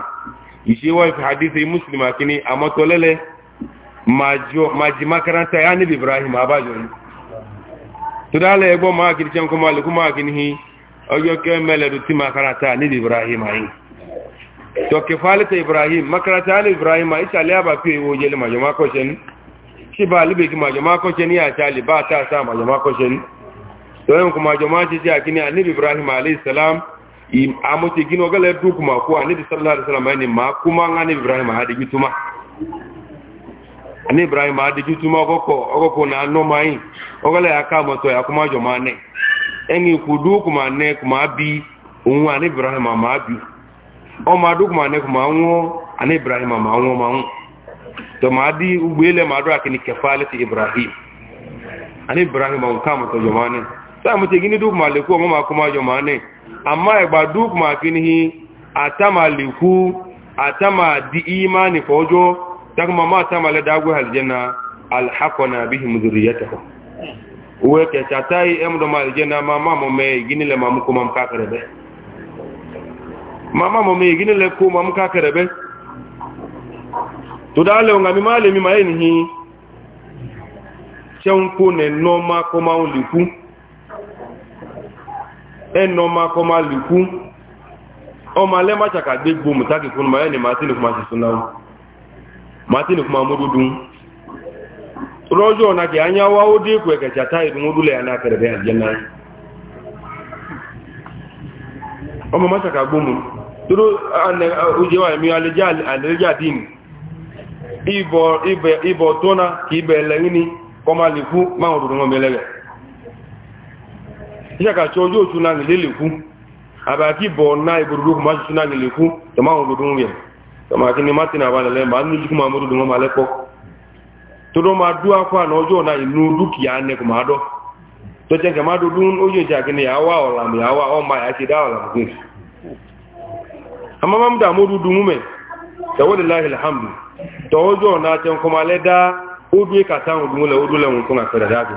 [SPEAKER 1] ìṣẹ́wọ́ ìfẹ́ àdíṣẹ́ muslim àkíní àmọ́tọ́lẹ́lẹ́ maji makaranta ya níbi ibrahim makaranta yìí Ibrahim dálẹ̀ ẹgbọ́ máa kìí ṣe ń kọ́ máa lè kú máa kìí ní makaranta níbi ibrahim ayé ibrahim makaranta ibrahim ibrahim alayhi salam amo ci gino gale dukuma ko ani bi sallallahu alaihi wasallam ani ma kuma ngani ibrahim hadi gituma ani ibrahim hadi gituma ko ko ko ko na no mai o gale akama to ya kuma joma ne eni ku dukuma ne kuma bi un ani ibrahim ma bi o ma dukuma ne kuma un ani ibrahim ma un ma un to ma di ubele ma do akini kefalati ibrahim ani ibrahim ma kama to joma ne sa mu ci gini dukuma le ko ma kuma joma ne amma igba duk makinihi atama liku atama di imani fojo takma ma atama le dagu aljanna alhaqna bihim dhurriyyatahum uwe ke chatai emdo ma aljanna mama mo me gini le mamu ko mam kakrebe mama mo me gini le ko mam kakrebe to dale ngami male mi maeni ne no ma ko ma liku ẹnà ọmọ akọ máa lè kú ọmọ alẹ́ má ṣàkàgbé gbo mùtákì fún ọmọ ẹni martini fún àṣìṣún náà martini fún amúdúdú rọ́jọ́ ọ̀nà kì ányá wá ó dé ẹ̀kọ́ ẹ̀kẹ̀ṣà táì dún múdúlẹ̀ kẹrẹ̀bẹ̀ àjẹ́ ọmọ má ṣàkàgbó mu ni kọ́ máa lè ìṣàkà tí ọjọ́ òtún náà nílé lèkú àbàkí bọ̀ náà ìbòdòdó kò má tuntun náà nílèkú tọ́mọ àwọn òdòdó ń rẹ̀ tọ́mọ àti ní martin abalẹ̀lẹ̀ máa ní ojúkú máa mọ́tòdó wọn máa lẹ́kọ́ tó dọ́ máa dúwà fún àná ọjọ́ náà inú dúkìá ní kò máa dọ́ tó jẹ́ kẹ́ máa dúdú ojú ìjà kìíní àwa ọ̀làmì àwa ọmọ àyà ti dá ọ̀làmì fún un. àmọ́ máa ń dà mọ́ dúdú mú mẹ́ tẹ̀wọ́lẹ̀ láì alhamdu tọ́jọ́ náà tẹ́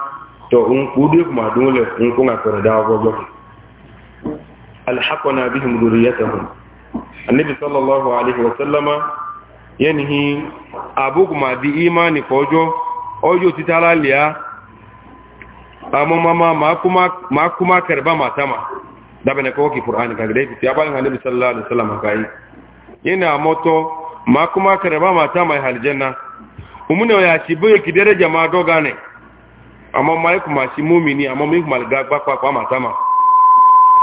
[SPEAKER 1] to kudu kuma dole in kuna kurda gogo alhaqana bihim dhurriyyatahum annabi sallallahu alaihi wasallama yanhi abu kuma bi imani kojo ojo titala liya amma mama ma kuma ma kuma karba matama da bane ko ki qur'ani ka gade ti abalin annabi sallallahu alaihi wasallama kai yana moto ma kuma karba matama e aljanna umune ya ci ki daraja ma doga ne amma mai kuma shi mumini amma mai kuma ga gbakwa kwa matama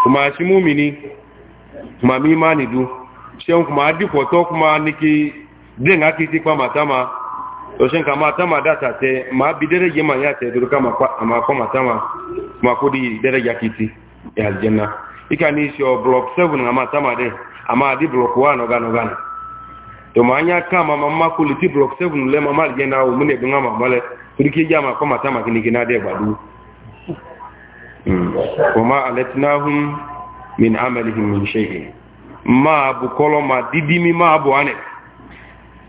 [SPEAKER 1] kuma shi mumini kuma mi ma ni du shen kuma adi foto kuma niki den ake ti kwa matama to shen kama tama da ta te ma bi dere yema ya te duru kama kwa ma kwa matama kuma ko di dere ya kiti ya aljanna ika ni shi block seven ngama tama de ama adi block 1 ogano gana to ma nya kama mama kuliti block seven le mama aljanna o mune bi ngama turki ya hmm. ma kuma ta makini gina da badu kuma alatnahum min amalihim min shay'in ma bu koloma didimi ma bu ane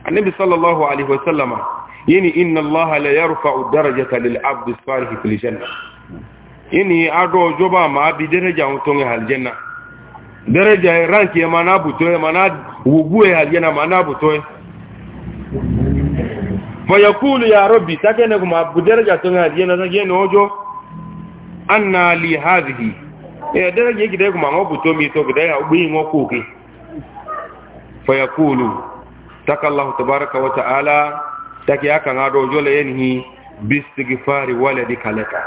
[SPEAKER 1] annabi sallallahu alaihi wasallama yini inna allaha la yarfa'u darajata lil abd as-salih fil janna yini ado joba ma bi daraja untonge hal janna daraja ranki ma na butoe ma na wugue hal janna ma na butoe fayakulu ya rabbi take ne kuma abu daraja tun hadiye na zage ne ojo anna li hadhihi e daraja yake dai kuma ngo buto mi to gidai abu yin ngo koke fayakulu takallahu tabaraka wa ta'ala take aka ngado ojo le yenhi bistighfari waladika laka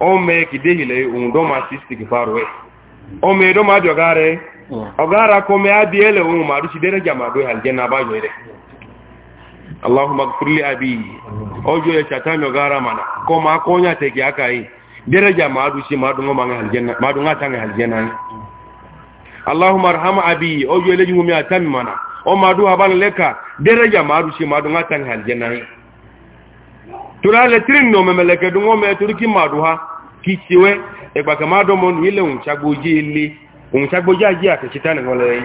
[SPEAKER 1] o me ki dehi le un do ma istighfaru we o me do ma jogare ogara ko me adiele un ma du daraja ma do aljanna ba jo ire allahumma gfirli abi ojo ya chatanyo gara mana ko ma ko nya te ki akai dereja ma du shi ma du ngoma ngal janna ma du ngata ngal janna allahumma arham abi ojo leji ngumi atami mana o ma du habana leka dereja ma du shi ma du ngata ngal janna tura le trin no me leke du ngome turki ma du ha ki chiwe e gba ma do mon ile un chagboji ile un chagboji aji ate chitani ngole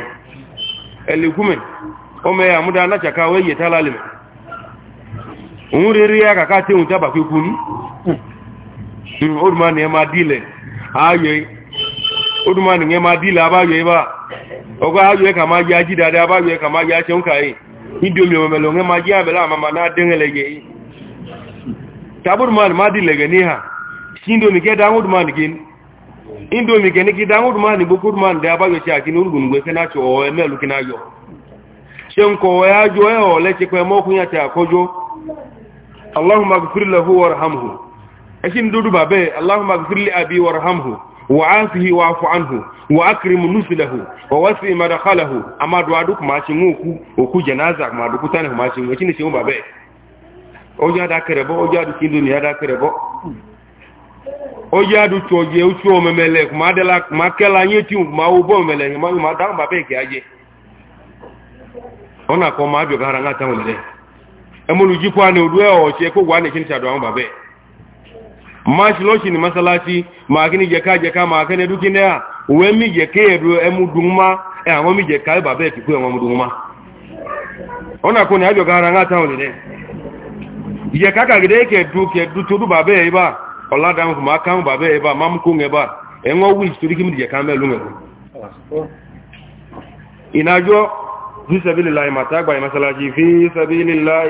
[SPEAKER 1] ele kume o me amuda na chakawe yetalalimu orí rí ẹ́ kàkà tí òun jábà kíkú ní ọdúnmá ni ẹ máa dílẹ̀ ayọ́ ọdúnmá ni ẹ máa dílẹ̀ abáyọ́ ibá ọgọ́ ayọ́ ẹ kà máa yá jí dáadáa abáyọ́ ẹ kà máa yá ṣẹ́hún kàáyì nídí omi ọmọ mẹ́lọ ṣe ń kọ̀wẹ́ ajọ́ ẹ̀họ̀ lẹ́ṣẹ́pẹ́ mọ́kúnyàtẹ̀ àkọjọ́ allahumma ighfir lahu warhamhu akin dudu babe allahumma ighfir li abi warhamhu wa'afihi wa'fu anhu wa akrim nusulahu wa wasi madkhalahu amma du'a duk ma ci nguku oku janaza ma duk tane ma ci nguku ni ci babe oja da kere bo oja du kin dunya da kere bo oja du toje uchu o memele ma de la ma kela nyeti ma u bo memele ma ma da babe ke aje ona ko ma bi garanga tan mele ẹmọlu jí kwani odu ẹ ọ̀ọ̀ṣẹ́ kó wà ní kí ní àwọn bàbẹ́ máa ṣe ní masalasi máa kí ní jẹ́ká jẹ́ká máa kẹ́ ní dúkí náà òwe mí jẹ́kẹ́ ẹ̀rọ ẹmú dunmá ẹ àwọn mí jẹ́ká ẹ bàbẹ́ kíkú ẹ̀wọ̀n mú dunmá ọ̀nà kò ní àjọ̀gá ara ńlá táwọn lè dẹ́ jẹ́ká kàgídẹ́ kẹ̀dú kẹ̀dú tó dú bàbẹ́ ẹ̀ bá ọ̀làdàmùkù máa kàn bàbẹ́ ẹ̀ bá máa mú kó ń ẹ̀ bá ẹ̀ ń wí torí kí mi jẹ́ká mẹ́lú ẹ̀ ìnájọ́ fi sẹ́bílì láì màtàgbà ìmásálàjì fi sẹ́bílì láì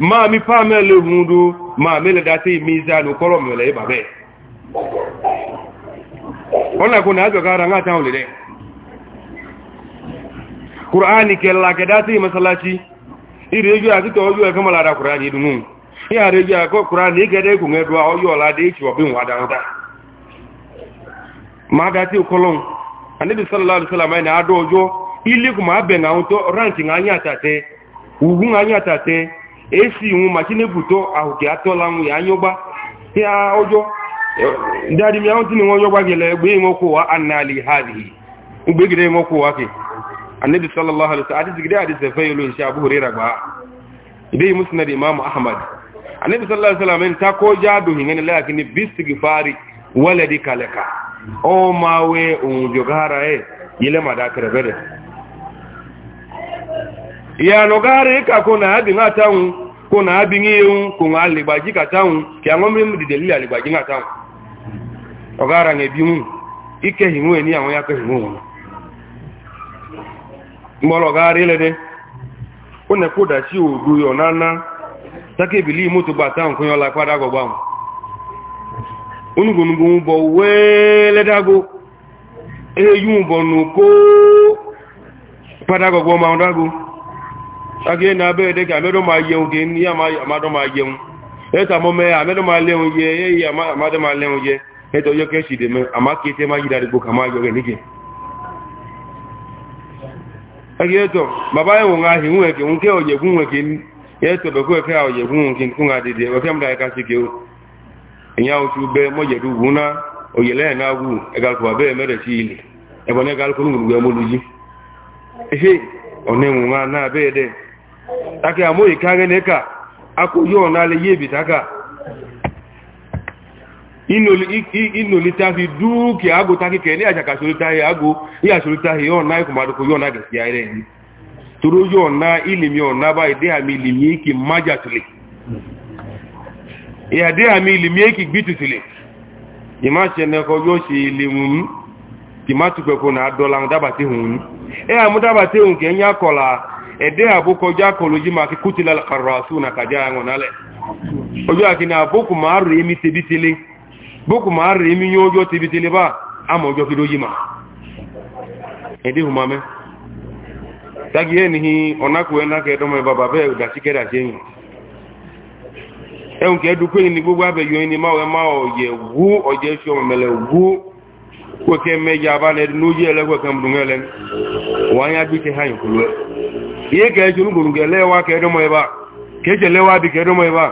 [SPEAKER 1] máa mi fá mẹ́lẹ̀ hundu máa mẹ́lẹ̀ dáté mizanu kọ́rọ̀ mẹ́lẹ̀ ibà bẹ́ẹ̀ ọ̀nà kò náà jọ̀ká ara ńláta òlè rẹ̀ kùránì kẹlá kẹdáté masalaci ìrì ojú àtítọ̀ ojú ẹ̀kọ́ mọ́lára kùránì dùnú ìyàrá ojú àkọ́ kùránì ìgẹ́dẹ́ kò ngẹ́dọ́ ọyọ́ ọ̀ládé ìṣùwọ̀bí wọn adáńtà máa dáté kọlọ́n anibi sallallahu alaihi wasallam ẹni adọ́ ọjọ́ ilé kò máa bẹ̀ ń àwọn esi inwu ma chinegbuto ahụke atụla nwụ ya anyụgba ya ụjọ ndị adịm ya ntị nwe onye gị gele egbe enwekwu ụwa anali ha adịghị mgbe gide enwekwu ụwa ke anabi sallallahu alaihi wasallam adịzigide adịze fe yolo nshi abụ hurera gba idai musnad imam ahmad anabi sallallahu alaihi wasallam ta ko jadu hingen la kini bistighfari waladi kalaka o mawe un jogara e yile madakere bere ya nụgharị ka kona abịghị atanwụ kona abịghị ewu kona alịgbaji katanwụ ka anwụmri m dide lili alịgbaji ngatanwụ ọgara na-ebinwu ikeghi nwe ni anwụ ya keghi nwe nwe mgbọrọ ọgharị ilede ụna kwụdachi ogu yọ nana taka ebili moto gbata nkụ yọla kpada gọgba m onugonugo ụbọ wee ledago eyi ụbọ n'uko kpada gọgba ma ọdago age na abe ede ka medo ma yeun ke ni ama ma yeun ya ya, ma ye ya ama amado ma leun e e ye e to yo ke si de me ama ma yida de go kama yo ni ke age to baba e won ahi won e ke won ke oye gun won ke ni e ya be ga ya de o ke mda ka mo na wu e be me ga ko nu onenwunwa na abede take amoyi kare ne ka akoyi ona le yebi taka inoli ta fi duki ago ta kike ni ajaka sori ta ye ago iya sori ta ye ona ikumadu ko yona gasi aire ni turu yona ilimi ona ba ide ami ilimi ki majatule iya de ami timatu kpekwu na adọla mdabata hun e a mdabata hun ka enye akọla ede abụkọjọ akọlụ na kaja ya nwụnale ojú àti na bókù ma rẹ̀ e, emi tebitele bókù ma rẹ̀ emi yóò yóò tebitele bá ọjọ́ kí ló ma ẹdí hun mamẹ́ tagi ẹni hi ọ̀nàkù ẹ̀nà kẹ́ẹ̀dọ́mọ ìbàbà kweke mmejọ abalị dị n'uji ele kweke mbụrụ ele ụwa anya bụ ike ha nyekwuru ihe ka eji ga-ele ka edoma ebe a ka eji elewa bike ka edoma ebe a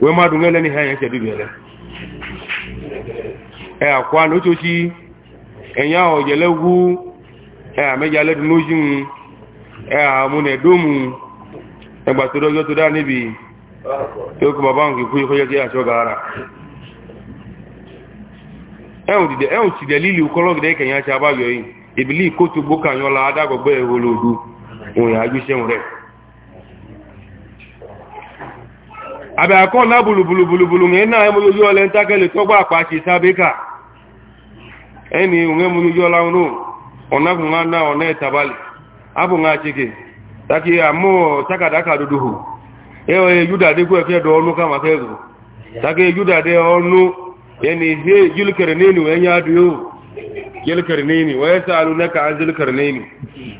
[SPEAKER 1] wee mmadụ nwele ihe anya eche dibere e akwa na ochochi enye ahụ jele ugwu e amejale dị n'uji m e amụ na oge okwu baba ga-ekwu ihe onye achọ gara enwdide enwechidela ili ukologide ekenye acha agbaghi ibili kotu gbo ka anyụla adagogbo ewolodu ụnyaagụchi nwere abịa ka na bulugbulugbulugbulu nge na emuyoyi ole ntakịrị tọgba akpa chisa beka eni onwe emuyoyi ola nrụ ọnaghụnwa na ọna etabali abụ nwa chike taki amụ ọnụ kama ego taki yani he zulkarnaini wa ya duyo zulkarnaini wa yasalunaka an zulkarnaini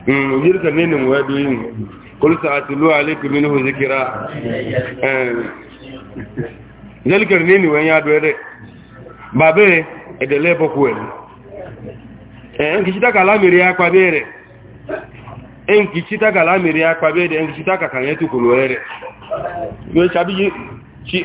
[SPEAKER 1] mm zulkarnaini wa duyo kul sa'atlu alaykum minhu zikra zulkarnaini eh. wa ya duyo de babe edele bokuel eh nkichita kala miri kwabe bere enkichita eh, kala miri akwa bere enkichita kakanye tukulu ere yo chabi chi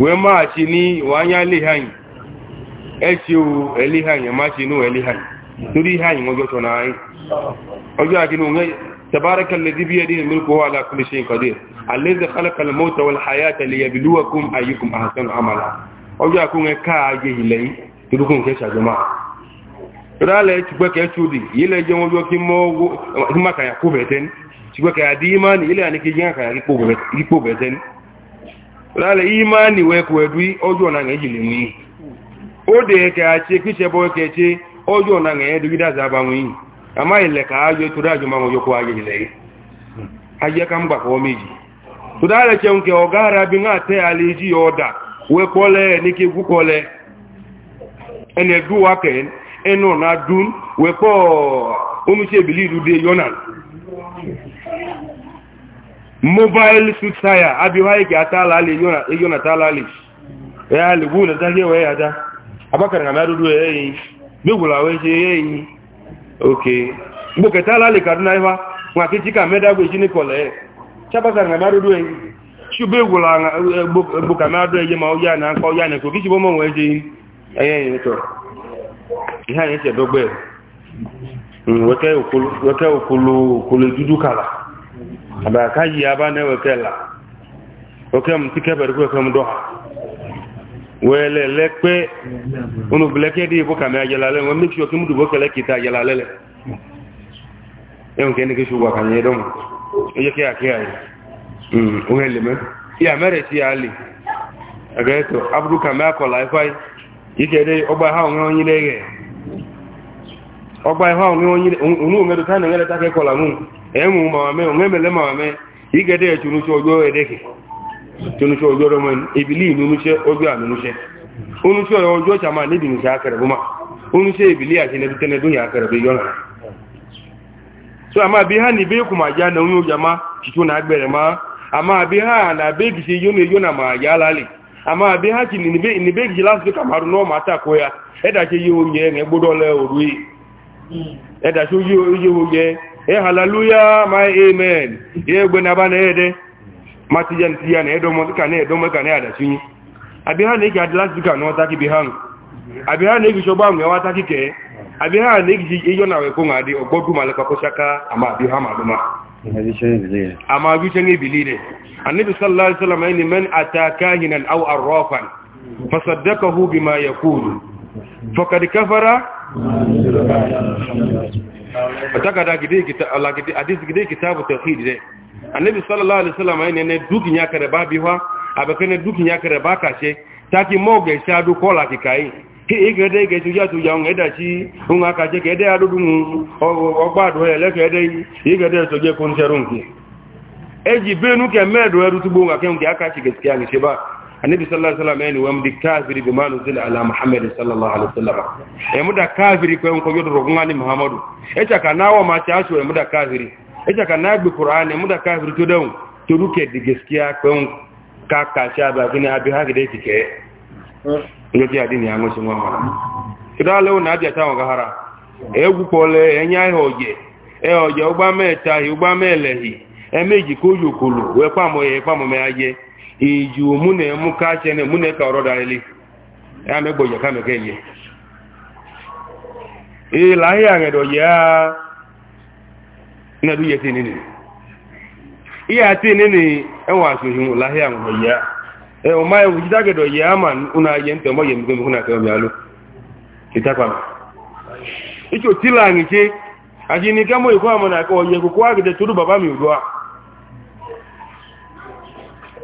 [SPEAKER 1] wọ́n máa ṣe ní wáyá léhàn ẹ̀ṣẹ́ o ẹléhàn yẹn máa ṣe ní ẹléhàn torí hàn ọjọ́ tọ́nà ayé ọjọ́ àkínú wọ́n تبارك الذي بيده الملك وهو على كل شيء قدير الذي خلق ọjọ́ àkóhun ayé ilẹ̀ yìí tó dúkùn kẹsà jọmọ́ rálẹ̀ tìgbẹ́kẹ̀ ṣòdì ilẹ̀ jẹ́ wọ́n bí lálẹ́ ìmáàni wẹ́kọ̀ ẹ̀dú ọjọ́ ọ̀nà ẹ̀jì lè ní ó dẹ̀ ẹ̀kẹ́ àti píṣẹ́bọ́ ẹ̀kẹ́ ṣe ọjọ́ ọ̀nà ẹ̀ẹ́dù gídàzà bá wọn yìí àmá ilẹ̀ káàjọ ìtòdájọ máa wọn yọkọ̀ ayé ilẹ̀ yìí ayé ká ń gbà fọ́ méjì mobile fixer abiwaye ki atalali yona talali ya libu eh, na zage wa ya da abakar na madudu ya yi gbegula we se ya yi okay gbo ke talali kaduna ifa wa ki jika meda gbe jini kole chabakar na madudu ya yi shi gbegula gbo ka madudu ya ma o ya na nko ya na ko ki shibo mo we se eh eh, eh to ya ni se dogbe mm, wote okulu wote okulu okulu dudukala aba ka yi aba na wekela oke m ti kebere kwe kwe m dọha wee lele pe unu buleke dị ibu ka m ajalale nwe mmekshi oke m dubo kele kita ajalalele ewu nke ndị keshi ugwa ka nye dọm oye ke ake anyị uhe leme ya mere ti ya ali aga eto abụrụ ka m akọla ifeanyị ike dị ọgba ha onwe onye na-eghe ọgba ihe onwe onye onwe onwe ta na-enyere ta ka ịkọla nwunye ẹ̀mù màmẹ́ ọ̀ngẹ́mẹ̀lẹ́ màmẹ́ ìgẹ́dẹ́ ẹ̀tùnúṣẹ́ ọjọ́ ẹ̀dẹ́kẹ̀ túnúṣẹ́ ọjọ́ onye ìbílí ìnúnúṣẹ́ ọjọ́ àmúnúṣẹ́ oúnúṣẹ́ ọjọ́ ṣàmà níbìnúṣẹ́ akẹrẹ̀bùmá oúnúṣẹ́ ìbílí na oyún yàmá tìtún náà ẹ̀dà ṣe yíò yẹ òru yìí ẹ̀dà ṣe yíò e hallelujah my amen ye gbe na ba na ede mati jan ti ya na edo mo ka na edo mo ka na ada tin abi ha ne ki adlas bi ka no ta ki bi han abi ha ne ki so ba mu wa ta ki ke abi ha ne ki ji yo na we ko ngade ogbodu male ka ko shaka ama abi ha ma duma ama abi chen ibili de annabi sallallahu alaihi wasallam ni man ataka hinan aw arrafan fasaddaqahu bima yaqulu faqad kafara atakada gide kita ala gide hadis gide kitabu tauhid de annabi sallallahu alaihi wasallam ayne ne duki nya kare babi wa abakane duki nya kare baka she taki moge shadu kola kikai ki igede ge tuja tuja ngeda chi unga ka je gede adudu mu ogbadu ele kede igede soje kun serunki eji benu ke medo eru tubunga ke ngi aka chi gesikia ni sheba annabi sallallahu alaihi wasallam yani wamdi kafiri bi manu zil ala muhammad sallallahu alaihi wasallam e muda kafiri ko en ko yodo ro ngani muhammadu e ta kana ma so e muda kafiri e ta bi muda kafiri to dawo to ruke di ko en ka ka sha ba abi yo ti adini ya ma na dia ta wa gahara e gu pole e nya e oje e oje ugba meta ugba melehi e meji ko yokolo we eji mune mu ka chene mune ka ro dalili ya me gboje ka me keye e la ya nge do ya na du yete ni ni iya ti ni ni e wa so yun la ya nge do ya e o ma e wu jita ge do ya man una ye nte mo ye mi ko na ka mi alu kita kwa icho tilangi che ajini kamo iko amana ko ye ko kwa ge mi udwa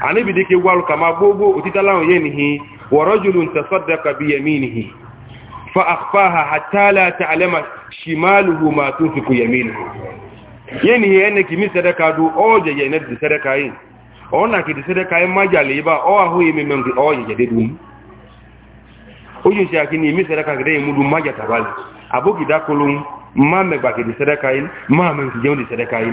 [SPEAKER 1] anabidike gwalu kama gbogbo otitalahun yenihi wa rajulun tasaddaqa bi yaminihi fa akhfaha hatta la ta'lama shimaluhu ma tunfiqu yaminuhu yenihi ene kimi sadaka du oje ye ne sadaka yi ona ki sadaka yi majale ba o ahu yimi mengi o ye de dum oyin se akini mi sadaka gede mudu majata bal aboki dakulum ma me ba ki sadaka yi ma ki je on sadaka yi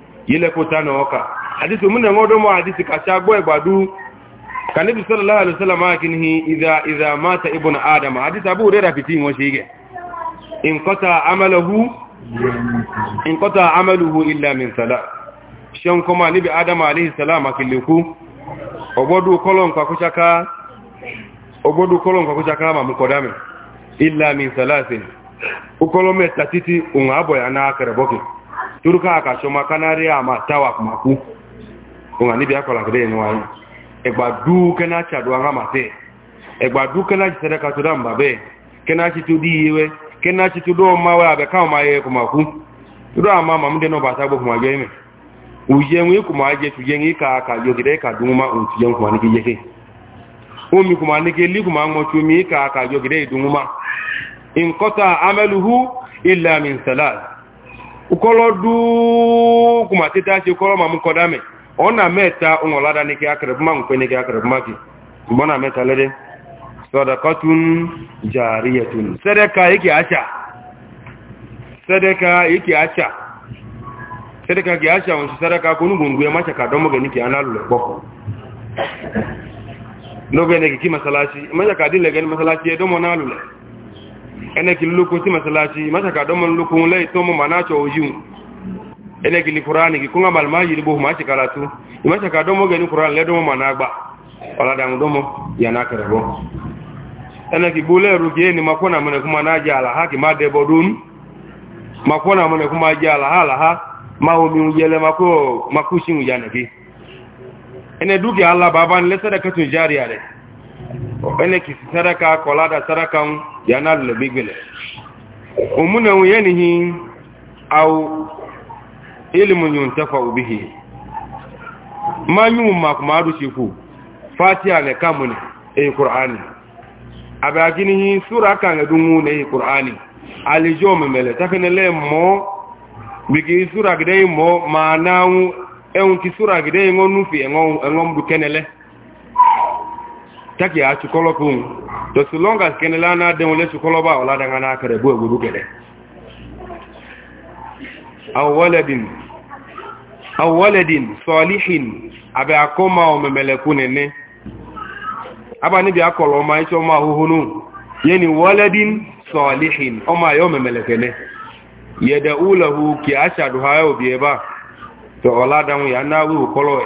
[SPEAKER 1] yilekota na ọka hadisi mun nan odo mo hadisi ka sha gbo igbadu kan nabi sallallahu alaihi wasallam akinhi idha idha adam hadisi abu rera fiti won shege amaluhu in amaluhu illa min sala shan kuma nabi adam alaihi salam akiliku obodu kolon ka kuchaka obodu kolon ka kuchaka ma mukodame illa min salasin ukolome tatiti unabo ya na akare turuka akachoma kanari ama tawa kumaku unga nibi akola kede ni wayi egba du kena chadwa nga mate egba du kena chisere katuda mbabe kena chitudi iwe kena chitudo mawe ma kama maye kumaku tudo ama mama mde no batabo kumaje ime uje mwi kumaje tuje ngika akajo kide kaduma utuje kumaniki jeke umi kumaniki li kumango chumi ka akajo kide iduma in qata amaluhu illa min salat ukolo du kuma tita ci ukolo ona meta ungola niki akrab ma ngpe niki akrab ma ki mbona meta lede sadaqatun jariyatun sadaka yake acha sadaka yake acha sadaka yake acha won sadaka ko nu gungu ma cha kadomo ge niki analu le boko no ge niki ki masalaci ma cha kadile ge eneki loko ti masalaci masaka domo loko lai tomo manacho oyu eneki li qur'ani ki kunga malma yiri bo machi karatu masaka domo geni qur'an le domo managba ola damu domo yana karebo eneki bule ruke ni makona mene kuma naja ala haki made bodun makona mene kuma jala ha ma omi ujele mako makushin ujaneki ene duke alla baban le sadakatun jariya ene kisi sadaka kolada sadaka ya na lule bigbele umuna wu yanihi au ilmun yuntafa bihi ma yun ma kuma du shiku fatiha ne kamune e qur'ani abaginihi sura kan dungu ne e qur'ani alijo memele takene le mo bigi sura gidei mo ma nawu eun ki sura gidei ngonu fi engom e du kenele taki a chukolo kun to so long as kene lana de wole chukolo ba wala daga na kare bo guru kede aw waladin aw waladin salihin abe akoma o memelekune kunene aba ni bi akolo ma icho ma huhunu yeni waladin salihin o ma yo memelekene yadaulahu ki ashadu hayo bieba to wala damu ya nawu kolo e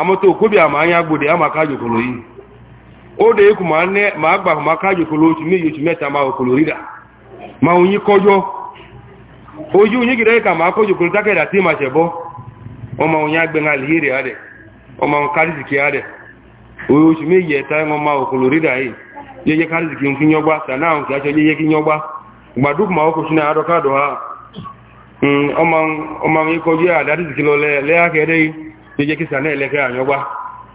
[SPEAKER 1] amato okobi ama anya gbode ama ka jokolo yi o de ku ma ne ma gba ma ka jokolo ti mi yo ti meta ma okolo rira ma onyi kojo oju onyi gire ka ma ko jokolo ta keda ti ma sebo o ma onya gbe ngal hiri ade o ma on kari ziki ade mi ye ta ngo ma okolo rira yi ye ye kari ziki nkin yogba sana on ki aso ye ye kin yogba gbaduk ma oko sina ado ka do ha mm o ma yẹ kí sànà ẹlẹ́kẹ́ àyọ́gbá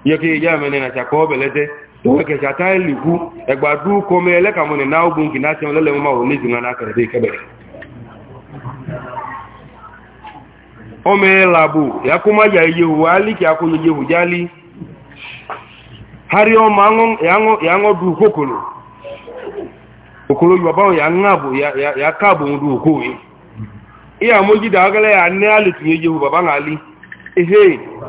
[SPEAKER 1] yẹ kí ìyá mẹ́rin nà ṣàkọ́ ọ̀bẹ̀lẹ́tẹ́ tọ́wẹ́kẹ̀ ṣàtà ìlìkú ẹgbàdú kọmẹ ẹlẹ́kàmọ́nì náà ogun kì náà ṣẹun lọ́lẹ́wọ́n máa wò ní ìsìnkú alákẹ̀rẹ̀dẹ́ ìkẹ́bẹ̀rẹ̀ ọmọ ẹlàbò yàkúmáyà iyehu alíkì akóyeyehu jálí harí ọmọ yàngọ́dù kòkòrò òkòrò yorùbá yà káàbò ń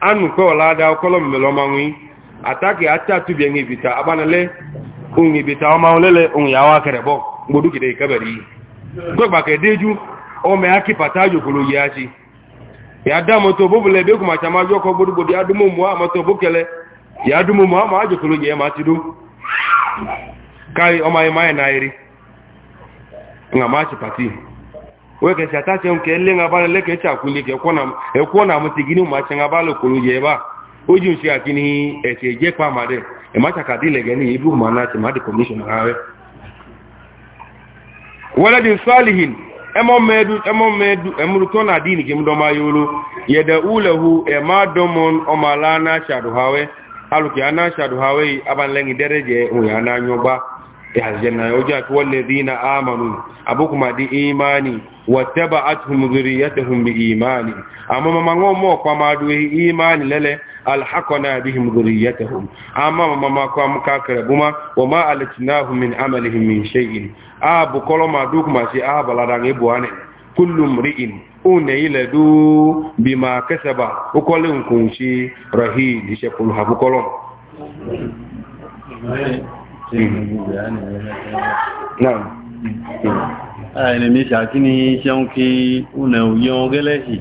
[SPEAKER 1] anukɔ ɔlada ɔkɔlɔ mɛlɛ ɔmanwi ataki ata tubi ɛŋ ibita abanalɛ ohun ibita ɔmanwulɛ lɛ ohun yawo akɛrɛ bɔ gbodu kede kabari gbɛgbakɛ deju ɔmɛ aki pata ayokolo yi asi yada mɔtɔ bobulɛ bi kuma caman adzɔ kɔ gbodugbodi adumu mu amɔtɔ bokɛlɛ yadumu mu ama ayokolo yi ɛma ti do kai ɔmayɛ mayɛ n'ayiri ŋa ma ti pati. wee ke chata nke ele nga bala le ke chakwuli ke kwona e kwona mutigini ma chenga bala kulu je ba oju nsi akini e che je pa made e ma chaka dile gani ibu mana che ma de commission hawe wala di salihin emo medu e medu e to na dini ke mdo ma yulu ulahu e ma domon o malana hawe aluki ana shadu hawe aban lengi dereje o ya na nyoba aljanna o ja ko walladina amanu abukuma di imani wattaba'atuhum dhurriyyatuhum bi imani amma mama mo kwa madu imani lele alhaqna bihim dhurriyyatuhum amma mama kwa mukakara buma wama alatnahum min amalihim min shay'in abu koloma dukuma si abaladan ebuane kullu mri'in una iladu bima kasaba ukolun kunshi rahid shekul habu kolom
[SPEAKER 2] Àìrìnmíṣà kí ni ṣeun kí ọ̀nà òye wọn gẹ́lẹ́ṣì?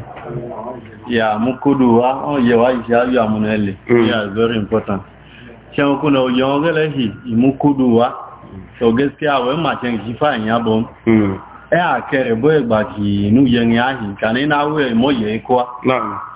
[SPEAKER 2] Yà mú kódò wá, wọ́n yẹ wá ìṣẹ́ ayọ́ àmúnà ẹlẹ̀, hmm. yeah, very
[SPEAKER 3] important.
[SPEAKER 1] Ṣeun hmm. kó na òye wọn gẹ́lẹ́ṣì, ìmú kódò wá, ṣọ̀gẹ́sẹ́ àwẹ́ màṣẹ́ ìṣífà ìyàbọ̀. Ẹ àkẹrẹ̀ bọ́ ẹgbà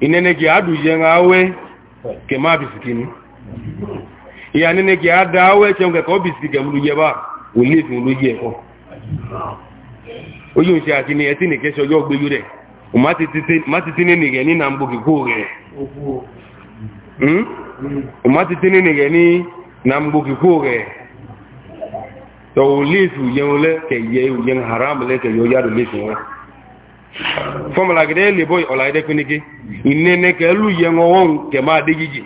[SPEAKER 1] inene ki adu jenga awe ke ma bisikini ya nene ki ada awe chonge ko bisike mulu yeba ulifu mulu yeko oyo nse akini etini kesho yo gbe yure o ma ti ni na mbugi ko re ni na mbugi ko to ulifu yenule ke ye yen haram le ke yo lifu fɔmula gɛdɛ le bɔ ɔla yɛrɛ kpinike inene kɛ elu yɛŋɔwɔn kɛmɛ adegigi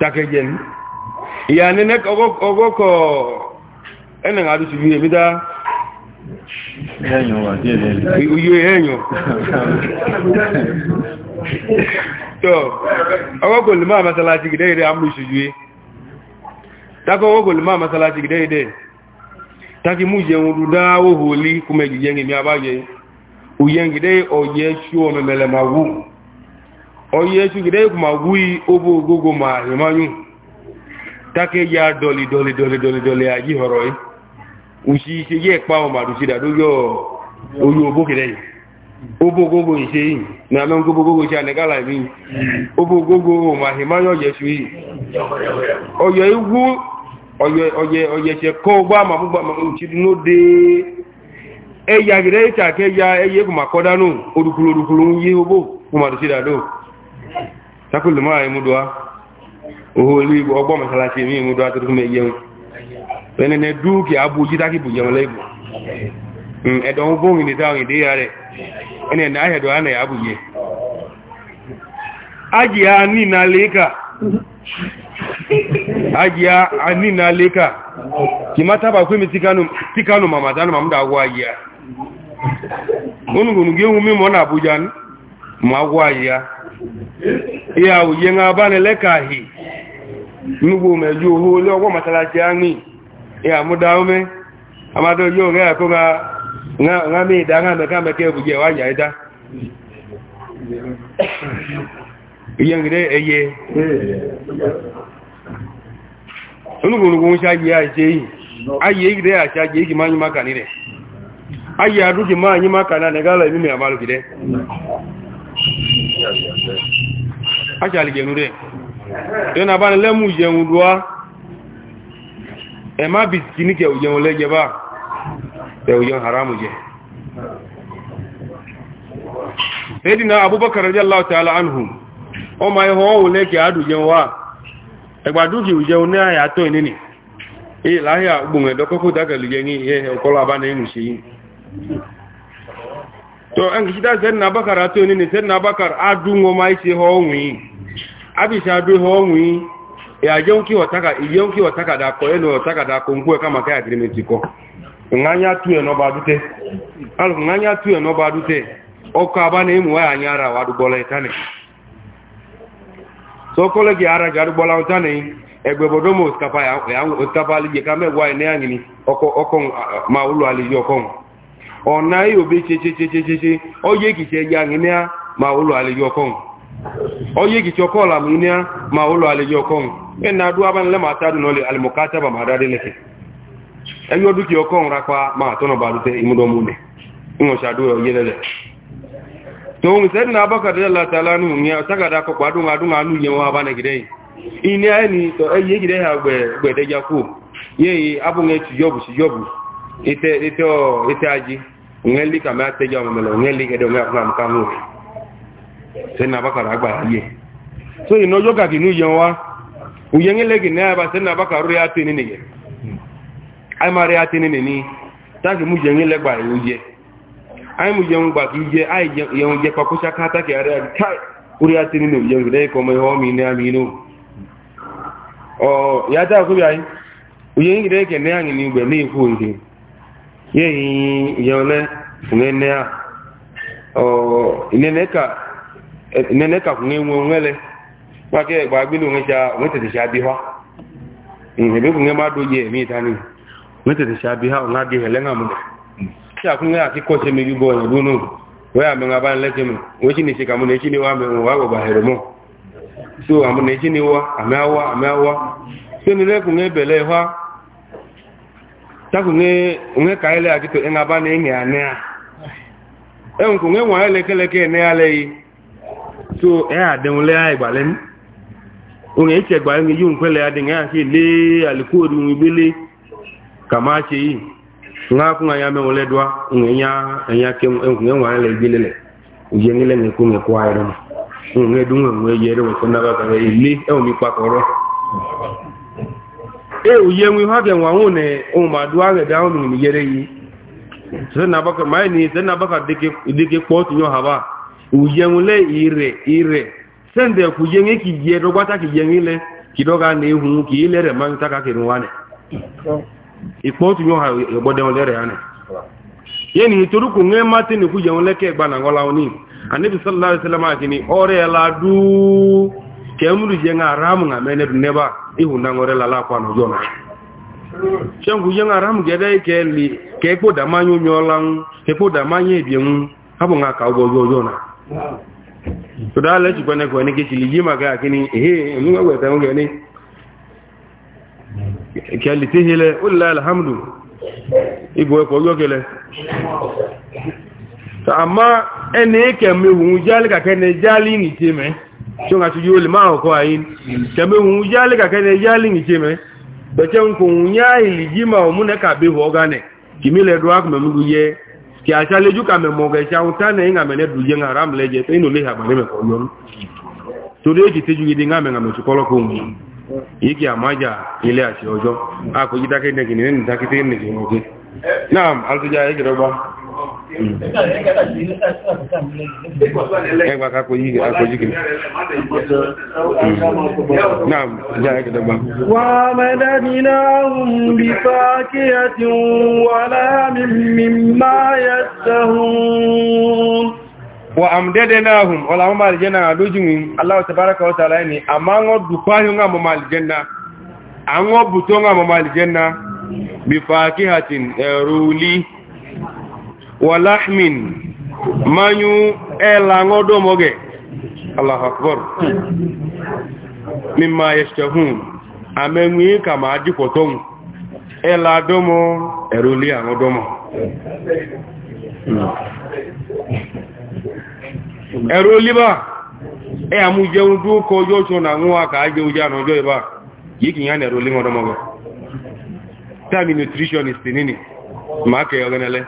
[SPEAKER 1] takɛjɛni ya nene ɔgɔ ɔgɔ kɔ ɛnɛ ŋa do sufi ebi taa
[SPEAKER 3] iye
[SPEAKER 1] ɛnyɔ tɔ ɔgɔ kɔli maa masalasi gɛdɛ yɛrɛ amu suju ye takɔ ɔgɔ kɔli maa masalasi gɛdɛ yɛrɛ taki mu jɛn wudu daa wo holi kumɛ jijɛ ŋɛ mi a b'a jɛ. uyengide oyechu omemele mawu oyechu gide wui obo gogo ma himanyu take ya doli doli doli doli doli aji horoi usi se ye pa o maru si da do yo oyu obo obo gogo ise yi na me gogo gogo se anegala mi obo gogo ma himanyu yesu yi oyo iwu oye oye oye se ko gba ma mu gba ma mu chi no de ẹ̀yà gẹ̀rẹ́ ìtàkẹ́ ya ẹyẹ kò máa kọ́dánù orúkúrú orúkúrú ń yí owó kò máa tó sí dàdó takùlù máa ìmúdọ́wá owó ilé ọgbọ́n mẹ́sàlásí mi ìmúdọ́wá tó tún mẹ́yẹun ẹnẹ́nẹ́ dúkìá abújí tákìbù jẹun lẹ́bù ẹ̀dọ̀n bóhùn ní táwọn ìdíyà rẹ̀ ẹnẹ́nẹ́ ayẹ̀dọ̀ á nẹ̀ abúyẹ ajìyà nínà lẹ́kà kì má tábà pé mi tíkánù màmàdánù màmúdà wọ ajìyà onugunu gị ewu na abuja ma agwọ anyị ya ya uye nga abanile ka hi nugbo ohu ole ọgwọ matalachi anyị ya mụda ume amado yo ga akọ ga nga mi da nga meka meka ebuje wa nya iye ngire eye onugunu gwo ya yi aye ire ya sha ji maka ni ayi aduki ma anyi maka na negala ibi mai amalu gide acha aligenu de yana bani lemu jẹun duwa ẹ má bisikì ní kẹ òjẹun lẹ́jẹ bá ẹ òjẹun haramu jẹ sayidina abubakar radiyallahu ta'ala anhu o ma ihe ọwụ lẹ́kẹ̀ adùjẹun wa ẹgbàdùkì òjẹun ní àyàtọ̀ to an kishida sai na bakar ato ni ne sai na bakar adu ngoma ise ho nwi abi sha adu ho nwi ya e je unki wataka iye unki wataka da ko eno wataka da ko ngue kama kai agreement ko nganya tu eno ba dute al nganya tu eno ba dute oko aba na imu ya nyara wa du bola itane so kole gi ara ga du bola utane egbe bodomo skapa ya ya skapa lije kama egwa ene angini oko oko ma ulu ali yo kon Ọ na ṣeṣeṣeṣeṣe ọyé kìṣẹ́ ya ní ní a ma ó lọ àlejò ọkọ̀un Ọ kìṣẹ́ ọkọ̀ ọ̀làmù ní a ma ó lọ àlejò ọkọ̀un ẹ̀nà adúwà bá nílẹ̀ máa tádùn lọ́lẹ̀ alìmọ̀kátàbà máa dádé lẹ́kẹ̀ ẹyọ dúkìá ọkọ̀un rapa máa tọ́nà bá dúkẹ́ ìmúdọ́múlẹ̀ ngeli kama ateja mamelo ngeli kedo ngea kuna mkamu sena bakara agba ye so ino yoga kinu yewa uyengele gine ba sena bakara ri ati nini ye ai mari ati nini ni taki mu yengele gba ye ai mu yengu gba ki je ai yengu je pakusha kata ki ari kai uri ati nini yengu dai ko mai homi ne aminu o oh, ya ta ku bai uyengi dai ke ne angi ni gbe ku ngi yehi yone ngene ya o neneka neneka kungenwe ngele kwake gbagbinu ngeja ngete tishabiwa ngebe kungema doje mi tani ngete tishabiwa ngadi helenga mu cha kunge akikose mi gonya dunu we ame ngabana leke mu we chini shika mu ne chini mu so amu ne chini wa so bele taku nge nge kaile akito enga na enge anea e nku nge wa ele kele ke ne ale yi so e adun le ai e gbale ni unge che gba nge yu nkwele ade nge ake le alikodi ngibele kama che yi nga ku nga ya me ole dwa nge nya nya ke e nge wa ele gbele e le je nge nge ku nge kwa nge nge yere wo ba ka e o mi pa koro e eh, uyenwu nwe ha ga nwanwu na ụmụmadu ahụ ga ahụ na yere yi sena abaka dike kpọọ tinye ọhaba uye ire ire sende kwuje nwe ki je dọgbata ka je nwe ile kidoga na ihu ka ile re ma ntaka ki nwane ikpọọ tinye ọha egbode nwule re ana yeni itoru ku nwe mate ni kwuje nwule ke gba na ngọla oni anibi sallallahu alaihi akini la ke mụrụ ji nga m na mene bụ n'ebe a na nwere lala akwa na ụjọ na chengwu ji nga ara m ga-ede ike li ka ekpoda manya onye ọlanwụ ekpoda manya ebienwu abụ nga ka ụgwọ ụjọ na ka onike chili kini ehe ni hele alhamdu kele amma jali jali ni ti tun a cikin yoli ma'a ko ayin kemgbe hun yali ka kene yali ni jeme bece n kun hun ya ili jima o mune ka bi ho gane kimi ne nga mene du je ngara mle je inu le ha mane me ko yon to le ji teju gi dinga me yiki amaja ile a se ojo a ko ji ta kene kini ne ta ẹgbà kakọ yìí akọjú kìí
[SPEAKER 3] náà
[SPEAKER 2] jẹ́ ẹgbẹ̀dẹ̀gbà wà mẹ́dẹ́dìnà ohun bí fàákí àti ohun wà láàmì máa yẹ
[SPEAKER 1] wa amdadanahum wala hum aljanna alujumin Allah tabaaraka wa ta'ala ni amango dukwani nga mo aljanna ango walahmin manyu elaŋo domoge allahu akbar mimma yashtahun amenwi kama adipoton ela domo eruli aŋo domo eruli ba e amu jeun du ko jojo na nwa ka aje uja na ojo iba yiki yan eruli ŋo domoge tami nutritionist nini ma ke yogenele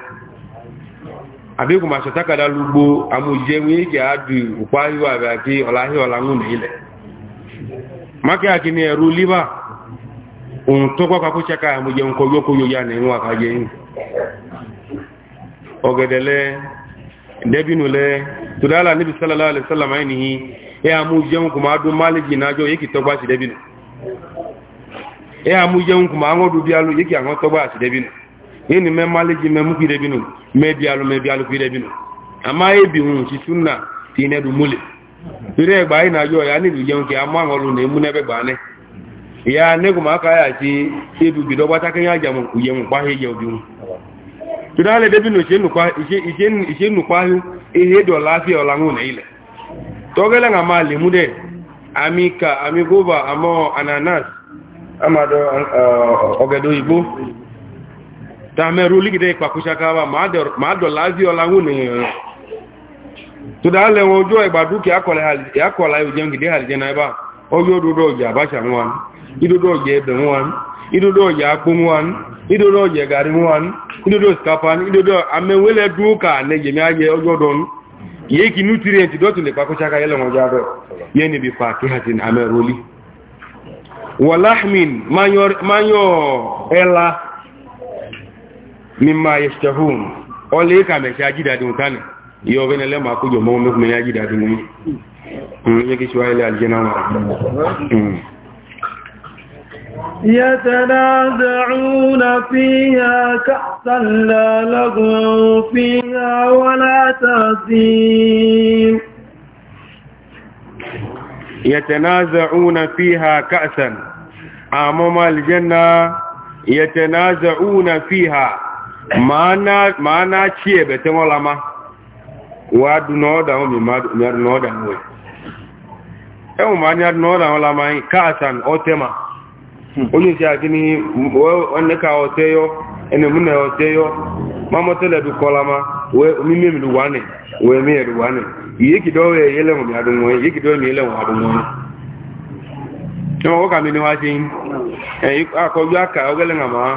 [SPEAKER 1] àbíkù máa ṣọ̀tákàdá lúgbó àmújẹun èkè àádù ìpáyíwà àbàkí ọ̀láhíọ̀lá ń nì ilẹ̀ mákẹ́ àkí ní ẹ̀rú líbà òun tó kọ́kà kó ṣẹ́ka àmújẹun kọyókóyó yà ní ìwọ̀n àkàjẹ́ yìí ọ̀gẹ̀dẹ̀lẹ́ dẹ́bìnulẹ́ tùdálà níbi sálàlá ini me maliji me mukire binu me bialu me bialu kire binu ama ebi hun si sunna ti ne du mule ire gba ina yo ya ni je nke ama ngolu ne mu ne be gba ne ya ne kuma aka ya ti ebi bido gbata kan ya jamu uye mu pa heje obi mu tudale de binu hu ihe do lafi ola ile togele nga mali mu de amika amo ananas tààmẹ́ rúlígidẹ́ ìpàkúṣakáwà máa dọ̀lá sí ọláwùn nìyàn tó dáa lẹ́wọ̀n ojú ẹgbà dúkìá kọ̀lá ìjẹun gidẹ́ àlìjẹna ẹbá ọjọ́ òdòdó ọjà àbáṣà wọn ìdòdó ọjà ẹbẹ̀ wọn ìdòdó ọjà akpọ́n wọn ìdòdó ọjà gàrí wọn ìdòdó skapan ìdòdó amẹ́wẹ́lẹ́ dúkà nẹ́jẹ̀mí ayẹ ọjọ́ dọ́nu yìí kì nutrienti dọ́tù lè pàkúṣaká yẹlẹ́wọ̀n ojú adọ́ yẹn níbi pàkíhàtì mimma yashtahun ole ka me shaji dadin tani yo gane le ma ku jo me me yaji dadin ni mm yake shi wa
[SPEAKER 2] يتنازعون فيها كأسا لا لغو فيها ولا تأثيم
[SPEAKER 1] يتنازعون فيها كأسا أمام الجنة يتنازعون فيها ma na chi ebete nwalama wa du n'ọda omi merụ n'ọda nwe enwe ma anya n'ọda nwalama anyị kaasan otema onye si aki e e e ni onye ka oteyo ene mụ na oteyo ma mọtele du kọlama wee omime mi wee mi iye kido ya ya kido ya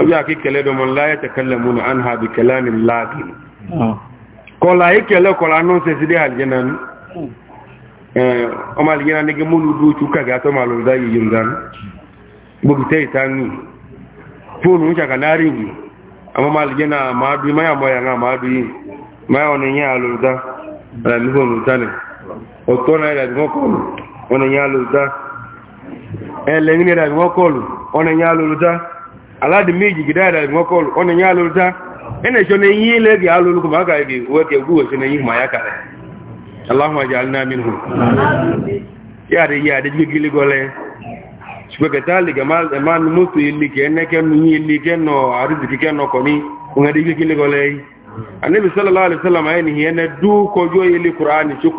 [SPEAKER 1] ọjọ́ àkíkẹ̀lẹ́ dọmọ̀n láyé tẹ̀kẹ́lẹ̀ múnà án ha bí kẹlẹ́ ni láàkìlì kọlá ìkẹlẹ́ kọlá náà sẹ́sí dé àlìyànà ní ọmọ àlìyànà ní gẹ́mọ́lù dúó tún kàgà àtọ́mà lọ́dá yìí nǹkan gbogbo ìta ní fóònù ìṣàkà náà rí yìí àmọ́ ọmọ àlìyànà máa dú máyà mọ́yà náà máa dú yìí máyà ọ̀nà yẹn àlòdá àlàmì fóònù ìtànì ọ̀tọ́ náà aladi meji gidada ngokol ona nyalo ta ene jone yile gi alulu kuma ka gi wote guwe jone yi maya ka Allahumma ja'alna minhu ya de ya de gili gole sibeke tali gamal man mutu ili kene ke nyi ili keno aridi keno koni unga de gili gole anabi sallallahu alaihi wasallam ayni hene du ko jo ili qur'ani ci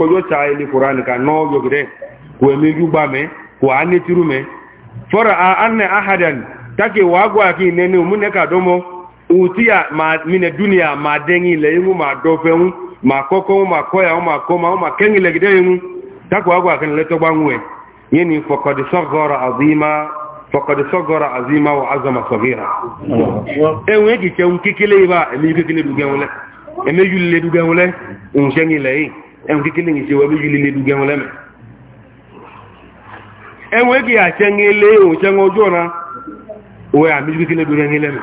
[SPEAKER 1] kake wagwa ki nene mune ka domo a ma mi ne dunia ma dengi le yimu ma dofeu ma koko ma koya ma koma ma kengi le gide yimu tako wagwa kin le to bangwe yeni faqad saghara azima faqad saghara azima wa azama e enwe ki ke un kikile ba e mi kikile du genwole e me le du genwole un jengi le en kikile ngi se wa e me e le du genwole me enwe ki a chengele o chengo jona we a mizgi kile dure ngile mi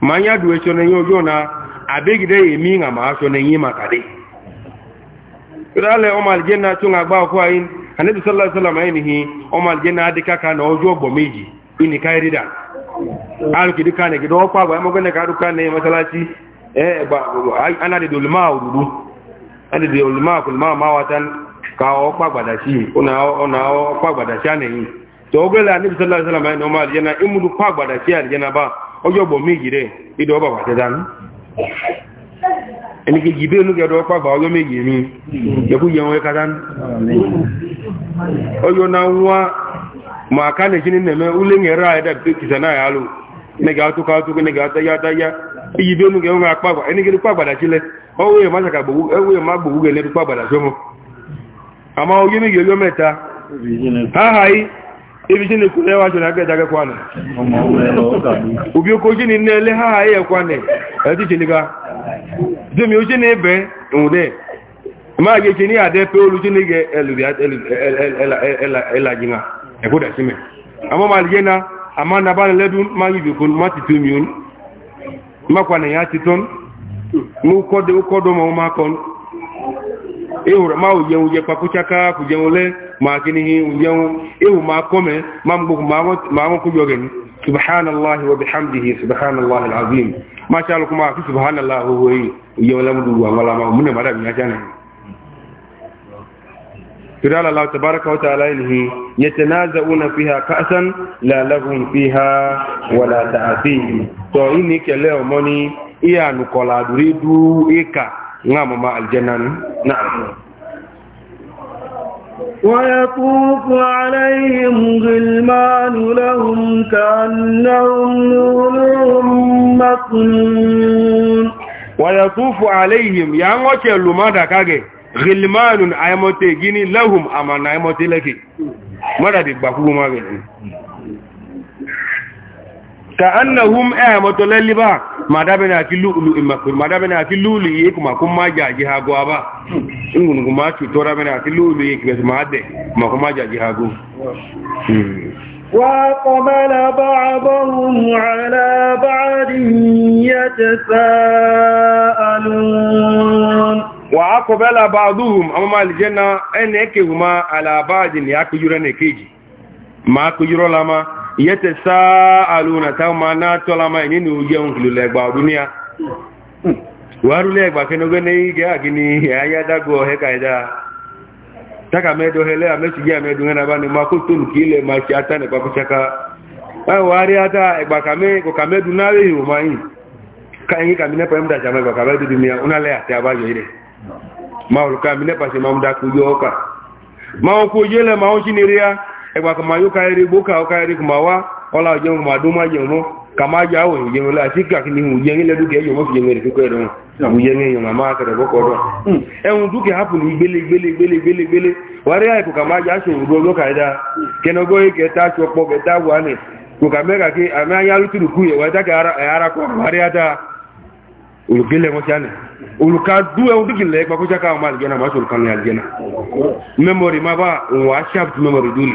[SPEAKER 1] manya duwe chone nyo jona abegide yemi nga ma chone nyi makade rale o mal jenna chunga gba ko ayin adika ka na ojo bo meji ini kairida alu kidika ne gido kwa gba mo gane ka duka ne masalaci eh ba ana de dulma urudu ana de dulma mawatan ka o pa ona ona o pa gbadashi tọ́gbẹ́lẹ̀ anibisala alayisalaam ayi eh, n'ọmọ alijana imudu kọ́ agbada sí alijana ba ọjọ́ bọ̀ méjì rẹ̀ ìdọ̀ ọba wà tẹ́ta ní. ẹni kejì bẹ́ẹ̀ nukẹ́ dọ́ pàgbà ọjọ́ méjì mi yẹku yẹn wọ́n kata ní. ọjọ́ náà wá màá ká lè sinmi nẹ̀mẹ́ wúlé ń yẹra ẹ̀dá kìsà náà yà a nẹ̀gẹ́ ató E agbada ebi jini kule wa jona ke dage kwane obi ko jini ne le ha ha ye kwane e ti jini ga de mi o jini be un de ma ge jini ade pe olu jini ge elu bi elu ela ela ela jinga e ko da sime amo ma le na ama na ba le dun ma yi bi kun ma ti tu un ma kwane ya ti ton mu ko de ko do ma ma kon ewu ma o jẹun jẹ pakutsaka kò jẹun lẹ ma kini hi o jẹun ewu ma kọmẹ ma n gbogbo ma wọn kó jọgẹ ni subhanallah wa bihamdihi subhanallah alazim ma ṣe alukuma a subhanallah owó yi o jẹun lẹmu dugu àwọn ọlọmọ o múnẹ mada bìyànjẹ ni. kira lalaw tabaraka wa ta'ala inhi yatanaza'una fiha ka'san la lahum fiha wala ta'athim to ini kele omoni iya nukola duridu ika نعم مع الجنان نعم
[SPEAKER 2] ويطوف عليهم غلمان لهم كأنهم نور
[SPEAKER 1] مكنون ويطوف عليهم يا وجه لماذا كاجي غلمان ايموتي جيني لهم اما ايموتي لك ماذا دي باكو ما كأنهم آمتوا للبا ما دابنا كي لؤلؤ مكنون ما دابنا كي لؤلؤ يكما كما جاجها غوابا نقول كما تشتورا بنا كي لؤلؤ يكما ما ده ما كما جاجها غو
[SPEAKER 2] وقبل بعضهم على بعض
[SPEAKER 1] يتساءلون وقبل بعضهم أمام الجنة أنكهما على بعض يأكجرن كيجي ما كجرن لما yete sa'aluna ta ma na tola ma ni nu je un lule gba dunia waru le gba kenu gene ige agini aya da go he kai da taka me do hele ame ni ma ko tun ki le ma wari ata egba ka me ko ka me du na we dunia una le ati aba yo ire ma ul ka mi ne pa se ẹgbà kama yóò káyẹrí gbókà ó káyẹrí kama wá ọlá òjẹun kama dó má jẹun mọ́ kama já òun òjẹun lọ àti kàkí ni òjẹun ilẹ̀ dúkẹ́ yóò fi jẹun ìrìkú ẹ̀rọ òjẹun èèyàn màmá akẹrẹ bọ́kọ̀ ọdọ hmm. ẹ̀hùn dúkẹ́ hapù ní gbélé gbélé gbélé gbélé gbélé wàrí àìkò kama já ṣòwò dúró lọ́kà ẹ̀dá kẹnagọ́ ìkẹta ṣọpọ̀ kẹta wà máa lè jẹ́ náà máa sọ̀rọ̀ kan ní àlùjẹ́ náà mẹ́mọ̀rì má bá òun wá ṣáàpù mẹ́mọ̀rì dúró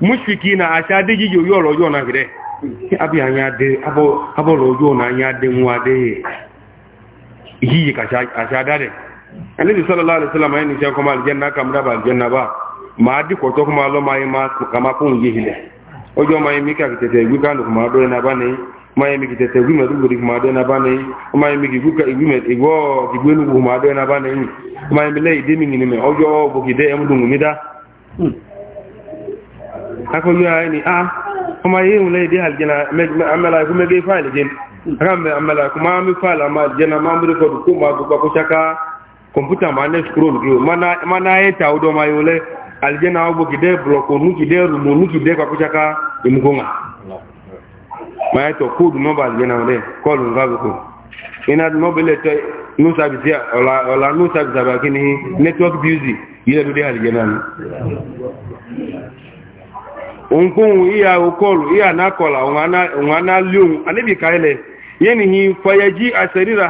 [SPEAKER 1] mushriki na acha adịghị ji oyi ọrọ ọjọọ na gire abịa anya abọrọ ọjọọ na anya dị nwa adịghị ihiyi ka acha adadị anabi sallallahu alaihi wasallam ayi nusha kuma aljanna kam da ba aljanna ba ma di ko to kuma lo mai ma kama yi hile kitete kuma na ba ma du gwi kuma do na ba ka kuma na ba ne mai mi le di mi ako yu ayni a kuma yi mu lay di aljana amala ku me gay faal jin rambe amala ku ma mi faal ma jana ma mu ko ku ma ko chaka computer ma ne scroll ki mana mana e taw do ma yule aljana obo ki de block nu ki de rumo nu ki de ko chaka imukonga ma to ku du no ba aljana ole ko lu ngabe ko ina no bele to nu service ola ola nu service ba kini network busy ile do de aljana ohunkóhun iya okọlù iya nakọlà òun aná léhun anábì kailẹ̀ yẹni hi fayají a sẹ̀ríra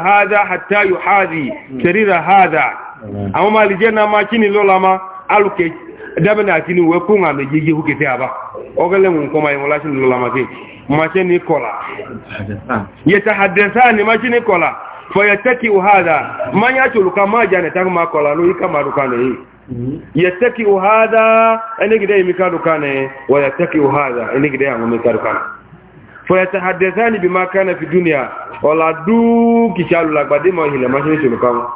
[SPEAKER 1] hatta yóò hazi sẹ̀ríra haza àwọn máa lè jẹ́ na máa kí ni lọ́la ma alùkẹ́ dábẹ̀nà àti ni wẹ́kún àmì jíjí hù kìtẹ́ àbá ọgẹ́lẹ́wọ̀n kọ́ máa yẹn wọ́n láti ni lọ́la ma fi ma ṣe ni kọ́la yẹta hadẹ̀sá ni ma ṣe ni kọ́la fayatẹ́kì haza ma yá tòlùka máa jà nẹ̀tàkùn ma kọ́la lórí kàmàdùkà nìyí yattaki uhada ene gida yi mikadu kane wa yattaki uhada ene gida ya mikadu kane fo yatahaddethani bima kana fi dunya wala du kishalu la gbadima hile mashini shulu kama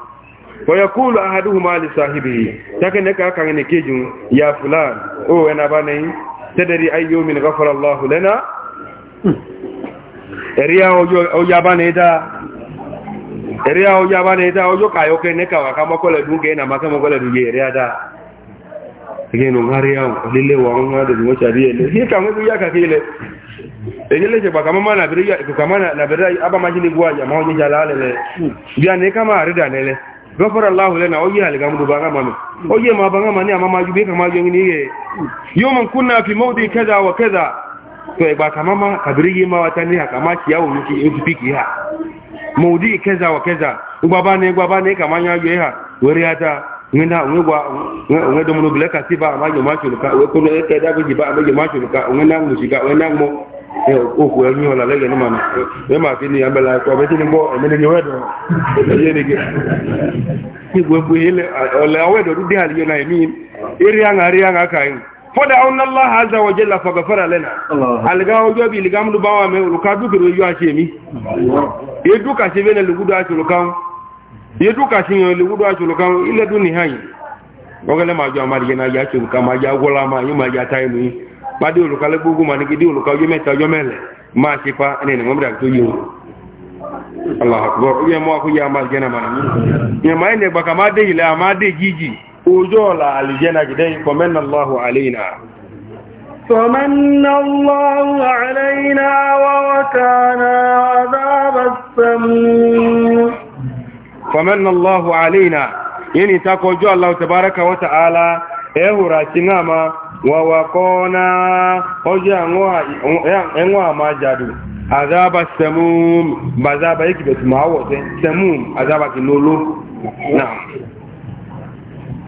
[SPEAKER 1] wa yaqulu ahaduhuma li sahibihi take ne ka kan ne kejun ya fulan o ena bane tadri ayyumin ghafara allah lana hmm. riya o ya bane da ere a ojo abana ita ojo kayo ke ne kawa kama kole dunge na maka mo kole dunge ere ada ke no ngari ya lile wa ngwa de mo chari ele ye ka ngwe ya ka kile ele je baka mama na biria ko kama na na biria aba ma jini gwa ya ma onye jala lele bia ne kama arida nele gofara allah lana oye aliga mudu banga mama oye ma banga mani ama ma jubi kama yo ngini ye yoma kunna fi mawdi kaza wa kaza to e baka mama kabiri ma watani ha kama ciyawo yuki yuki piki ha maudi keza wa keza ubaba ne ubaba ne kama nya ye ha wori ata ngena ngwa ngwe do muno bleka tiba ma yo macho luka we kono e keda go jiba ma yo macho luka ngena ngu shiga we na mo e o ku el nyola lege no mama we ma fini ambela ko be tini mbo e ne nyowe do e, ye ne ge ni gwe bu ile ole awedo du de hali yo na emi iri anga iri anga kai e. فدعونا الله عز وجل فغفر لنا الغاو جوبي لغام دو باوا مي لوكا دوك رو يو اشيمي يدوكا سيبن لغودو اشو لوكاو يدوكا سيبن لغودو اشو لوكاو الا دوني هاي ogele ma jo amari na ya chu ka ma ojo la aljana gidai famanna Allahu alaina
[SPEAKER 2] فمن الله علينا ووكانا عذاب السموم
[SPEAKER 1] فمن الله علينا يعني تاكو جو الله تبارك وتعالى ehura chinama wawakona oje anwa enwa majadu azaba samum bazaba ikibetu mawote samum azaba kinolo na'am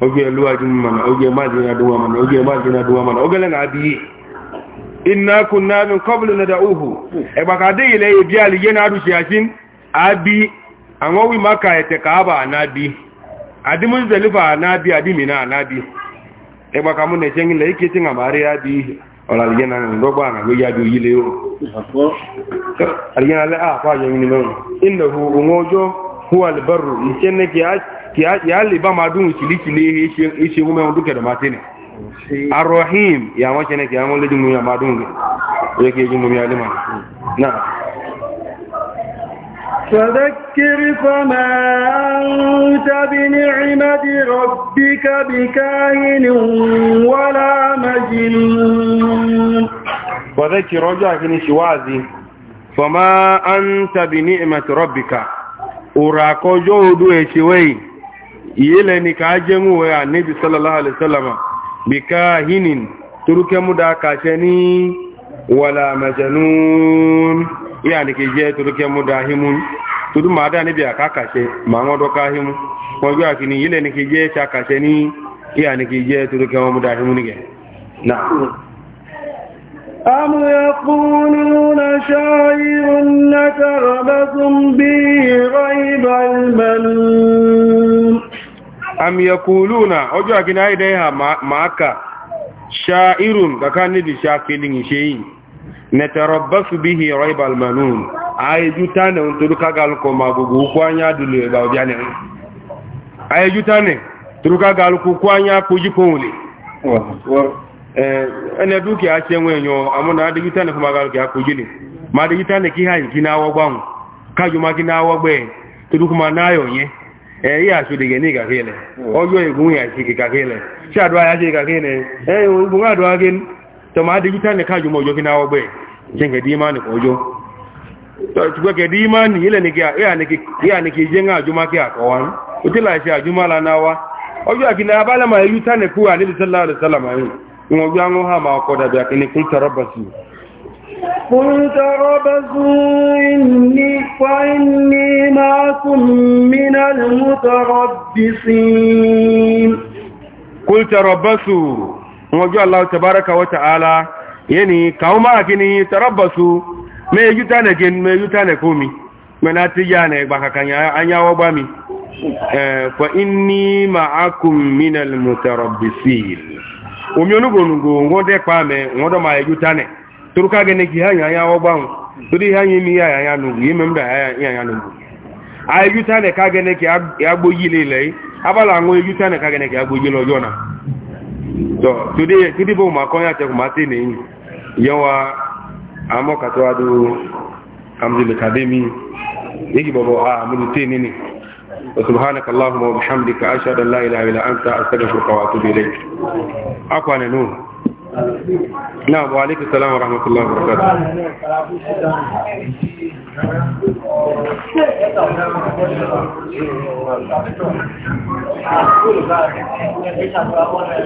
[SPEAKER 1] oge eluwaji mana oge majina duwa mana oge majina duwa mana oge lana abiyi inna kunna min qablu nad'uhu e baka de ile ibi ali ye na rushi asin abi awon wi maka ete kaaba anabi adimu zelifa anabi adimina anabi e baka na ne jengi le ikiti nga mari abi ola ali na ngogba na go yadu yile o ali na le a fa yo ni mo innahu ngojo huwa albarru ya le ba ma dun kili kili ishe ngume on duke da matene arrahim ya wace ne ya mun ledin ya ma dun yake jin ngume alima na
[SPEAKER 2] فذكر فما أنت بنعمة ربك بكاهن ولا
[SPEAKER 1] مجنون فذكر رجعك شوازي فما أنت بنعمة ربك أراكو جهد وشوي yele ni ka jengu ya nabi sallallahu alaihi wasallam bikahinin turuke muda ka shani wala majanun yani ke je turuke muda himun tudu ma da nabi aka ka she ma ngo do ka himu ko jo akini yele ni ke je cha ka shani yani ke je turuke muda himun ge na
[SPEAKER 2] أم يقولون شاعر
[SPEAKER 1] نتربص به ريب المنون am yakuluna ojo akina ai dai ha maka sha'irun kaka ni di shakilin sheyi natarabbasu bihi rayba almanun ai juta ne on turu kagal ko magugu kwanya dule ba obiane ai juta ne turu kagal ko kwanya ko jikole eh ene duki a chenwe nyo amuna adi juta ne ko magal ka ko jini ma adi juta ne ki hai kinawo gwan kaju ma kinawo gbe turu na nayo yen eh ya su de gene ga gele o yo e gunya ki ga gele sha do ya ki ga gene eh o bu ga do ga gin to ma digital ne ka ju mo jo kina o be jenge di ma ne ko jo to tu ga ke di ma ni ile ne ga ya ne ki ya ne ki jenga ju ma ki a ko wan o ti la sha ju ma la na wa o jo ki na ba la ma yu ta ne ku a ni sallallahu alaihi wasallam ayi mo gwa ngo ha ma ko da ba ki ne ku ta rabbasi
[SPEAKER 2] قل تربصوا إني فإني معكم من
[SPEAKER 1] المتربصين قل تربصوا وجاء الله تبارك وتعالى يعني كوما كني تربصوا ما يجتانا جن ما يجتانا كومي من أتجانا بحكا أنيا وبامي فإني معكم من المتربصين omi onugbonugbo wọ́n dẹ́ pa mẹ́ wọ́n dọ́ ma toro ka gane ki hanya anya ogbanwu toro anyị anya ya ihe anya anya n'ugwu anyị anyị anyị anyị anyị anyị ne ka anyị ki anyị yi anyị abala anyị anyị ne ka anyị ki anyị yi anyị anyị anyị today anyị bo ma kon ya te ma te anyị anyị amo ka to adu anyị anyị anyị anyị a anyị te anyị ni سبحانك اللهم وبحمدك اشهد ان لا اله الا انت استغفرك واتوب اليك اقوى نور نعم وعليكم السلام ورحمة الله
[SPEAKER 3] وبركاته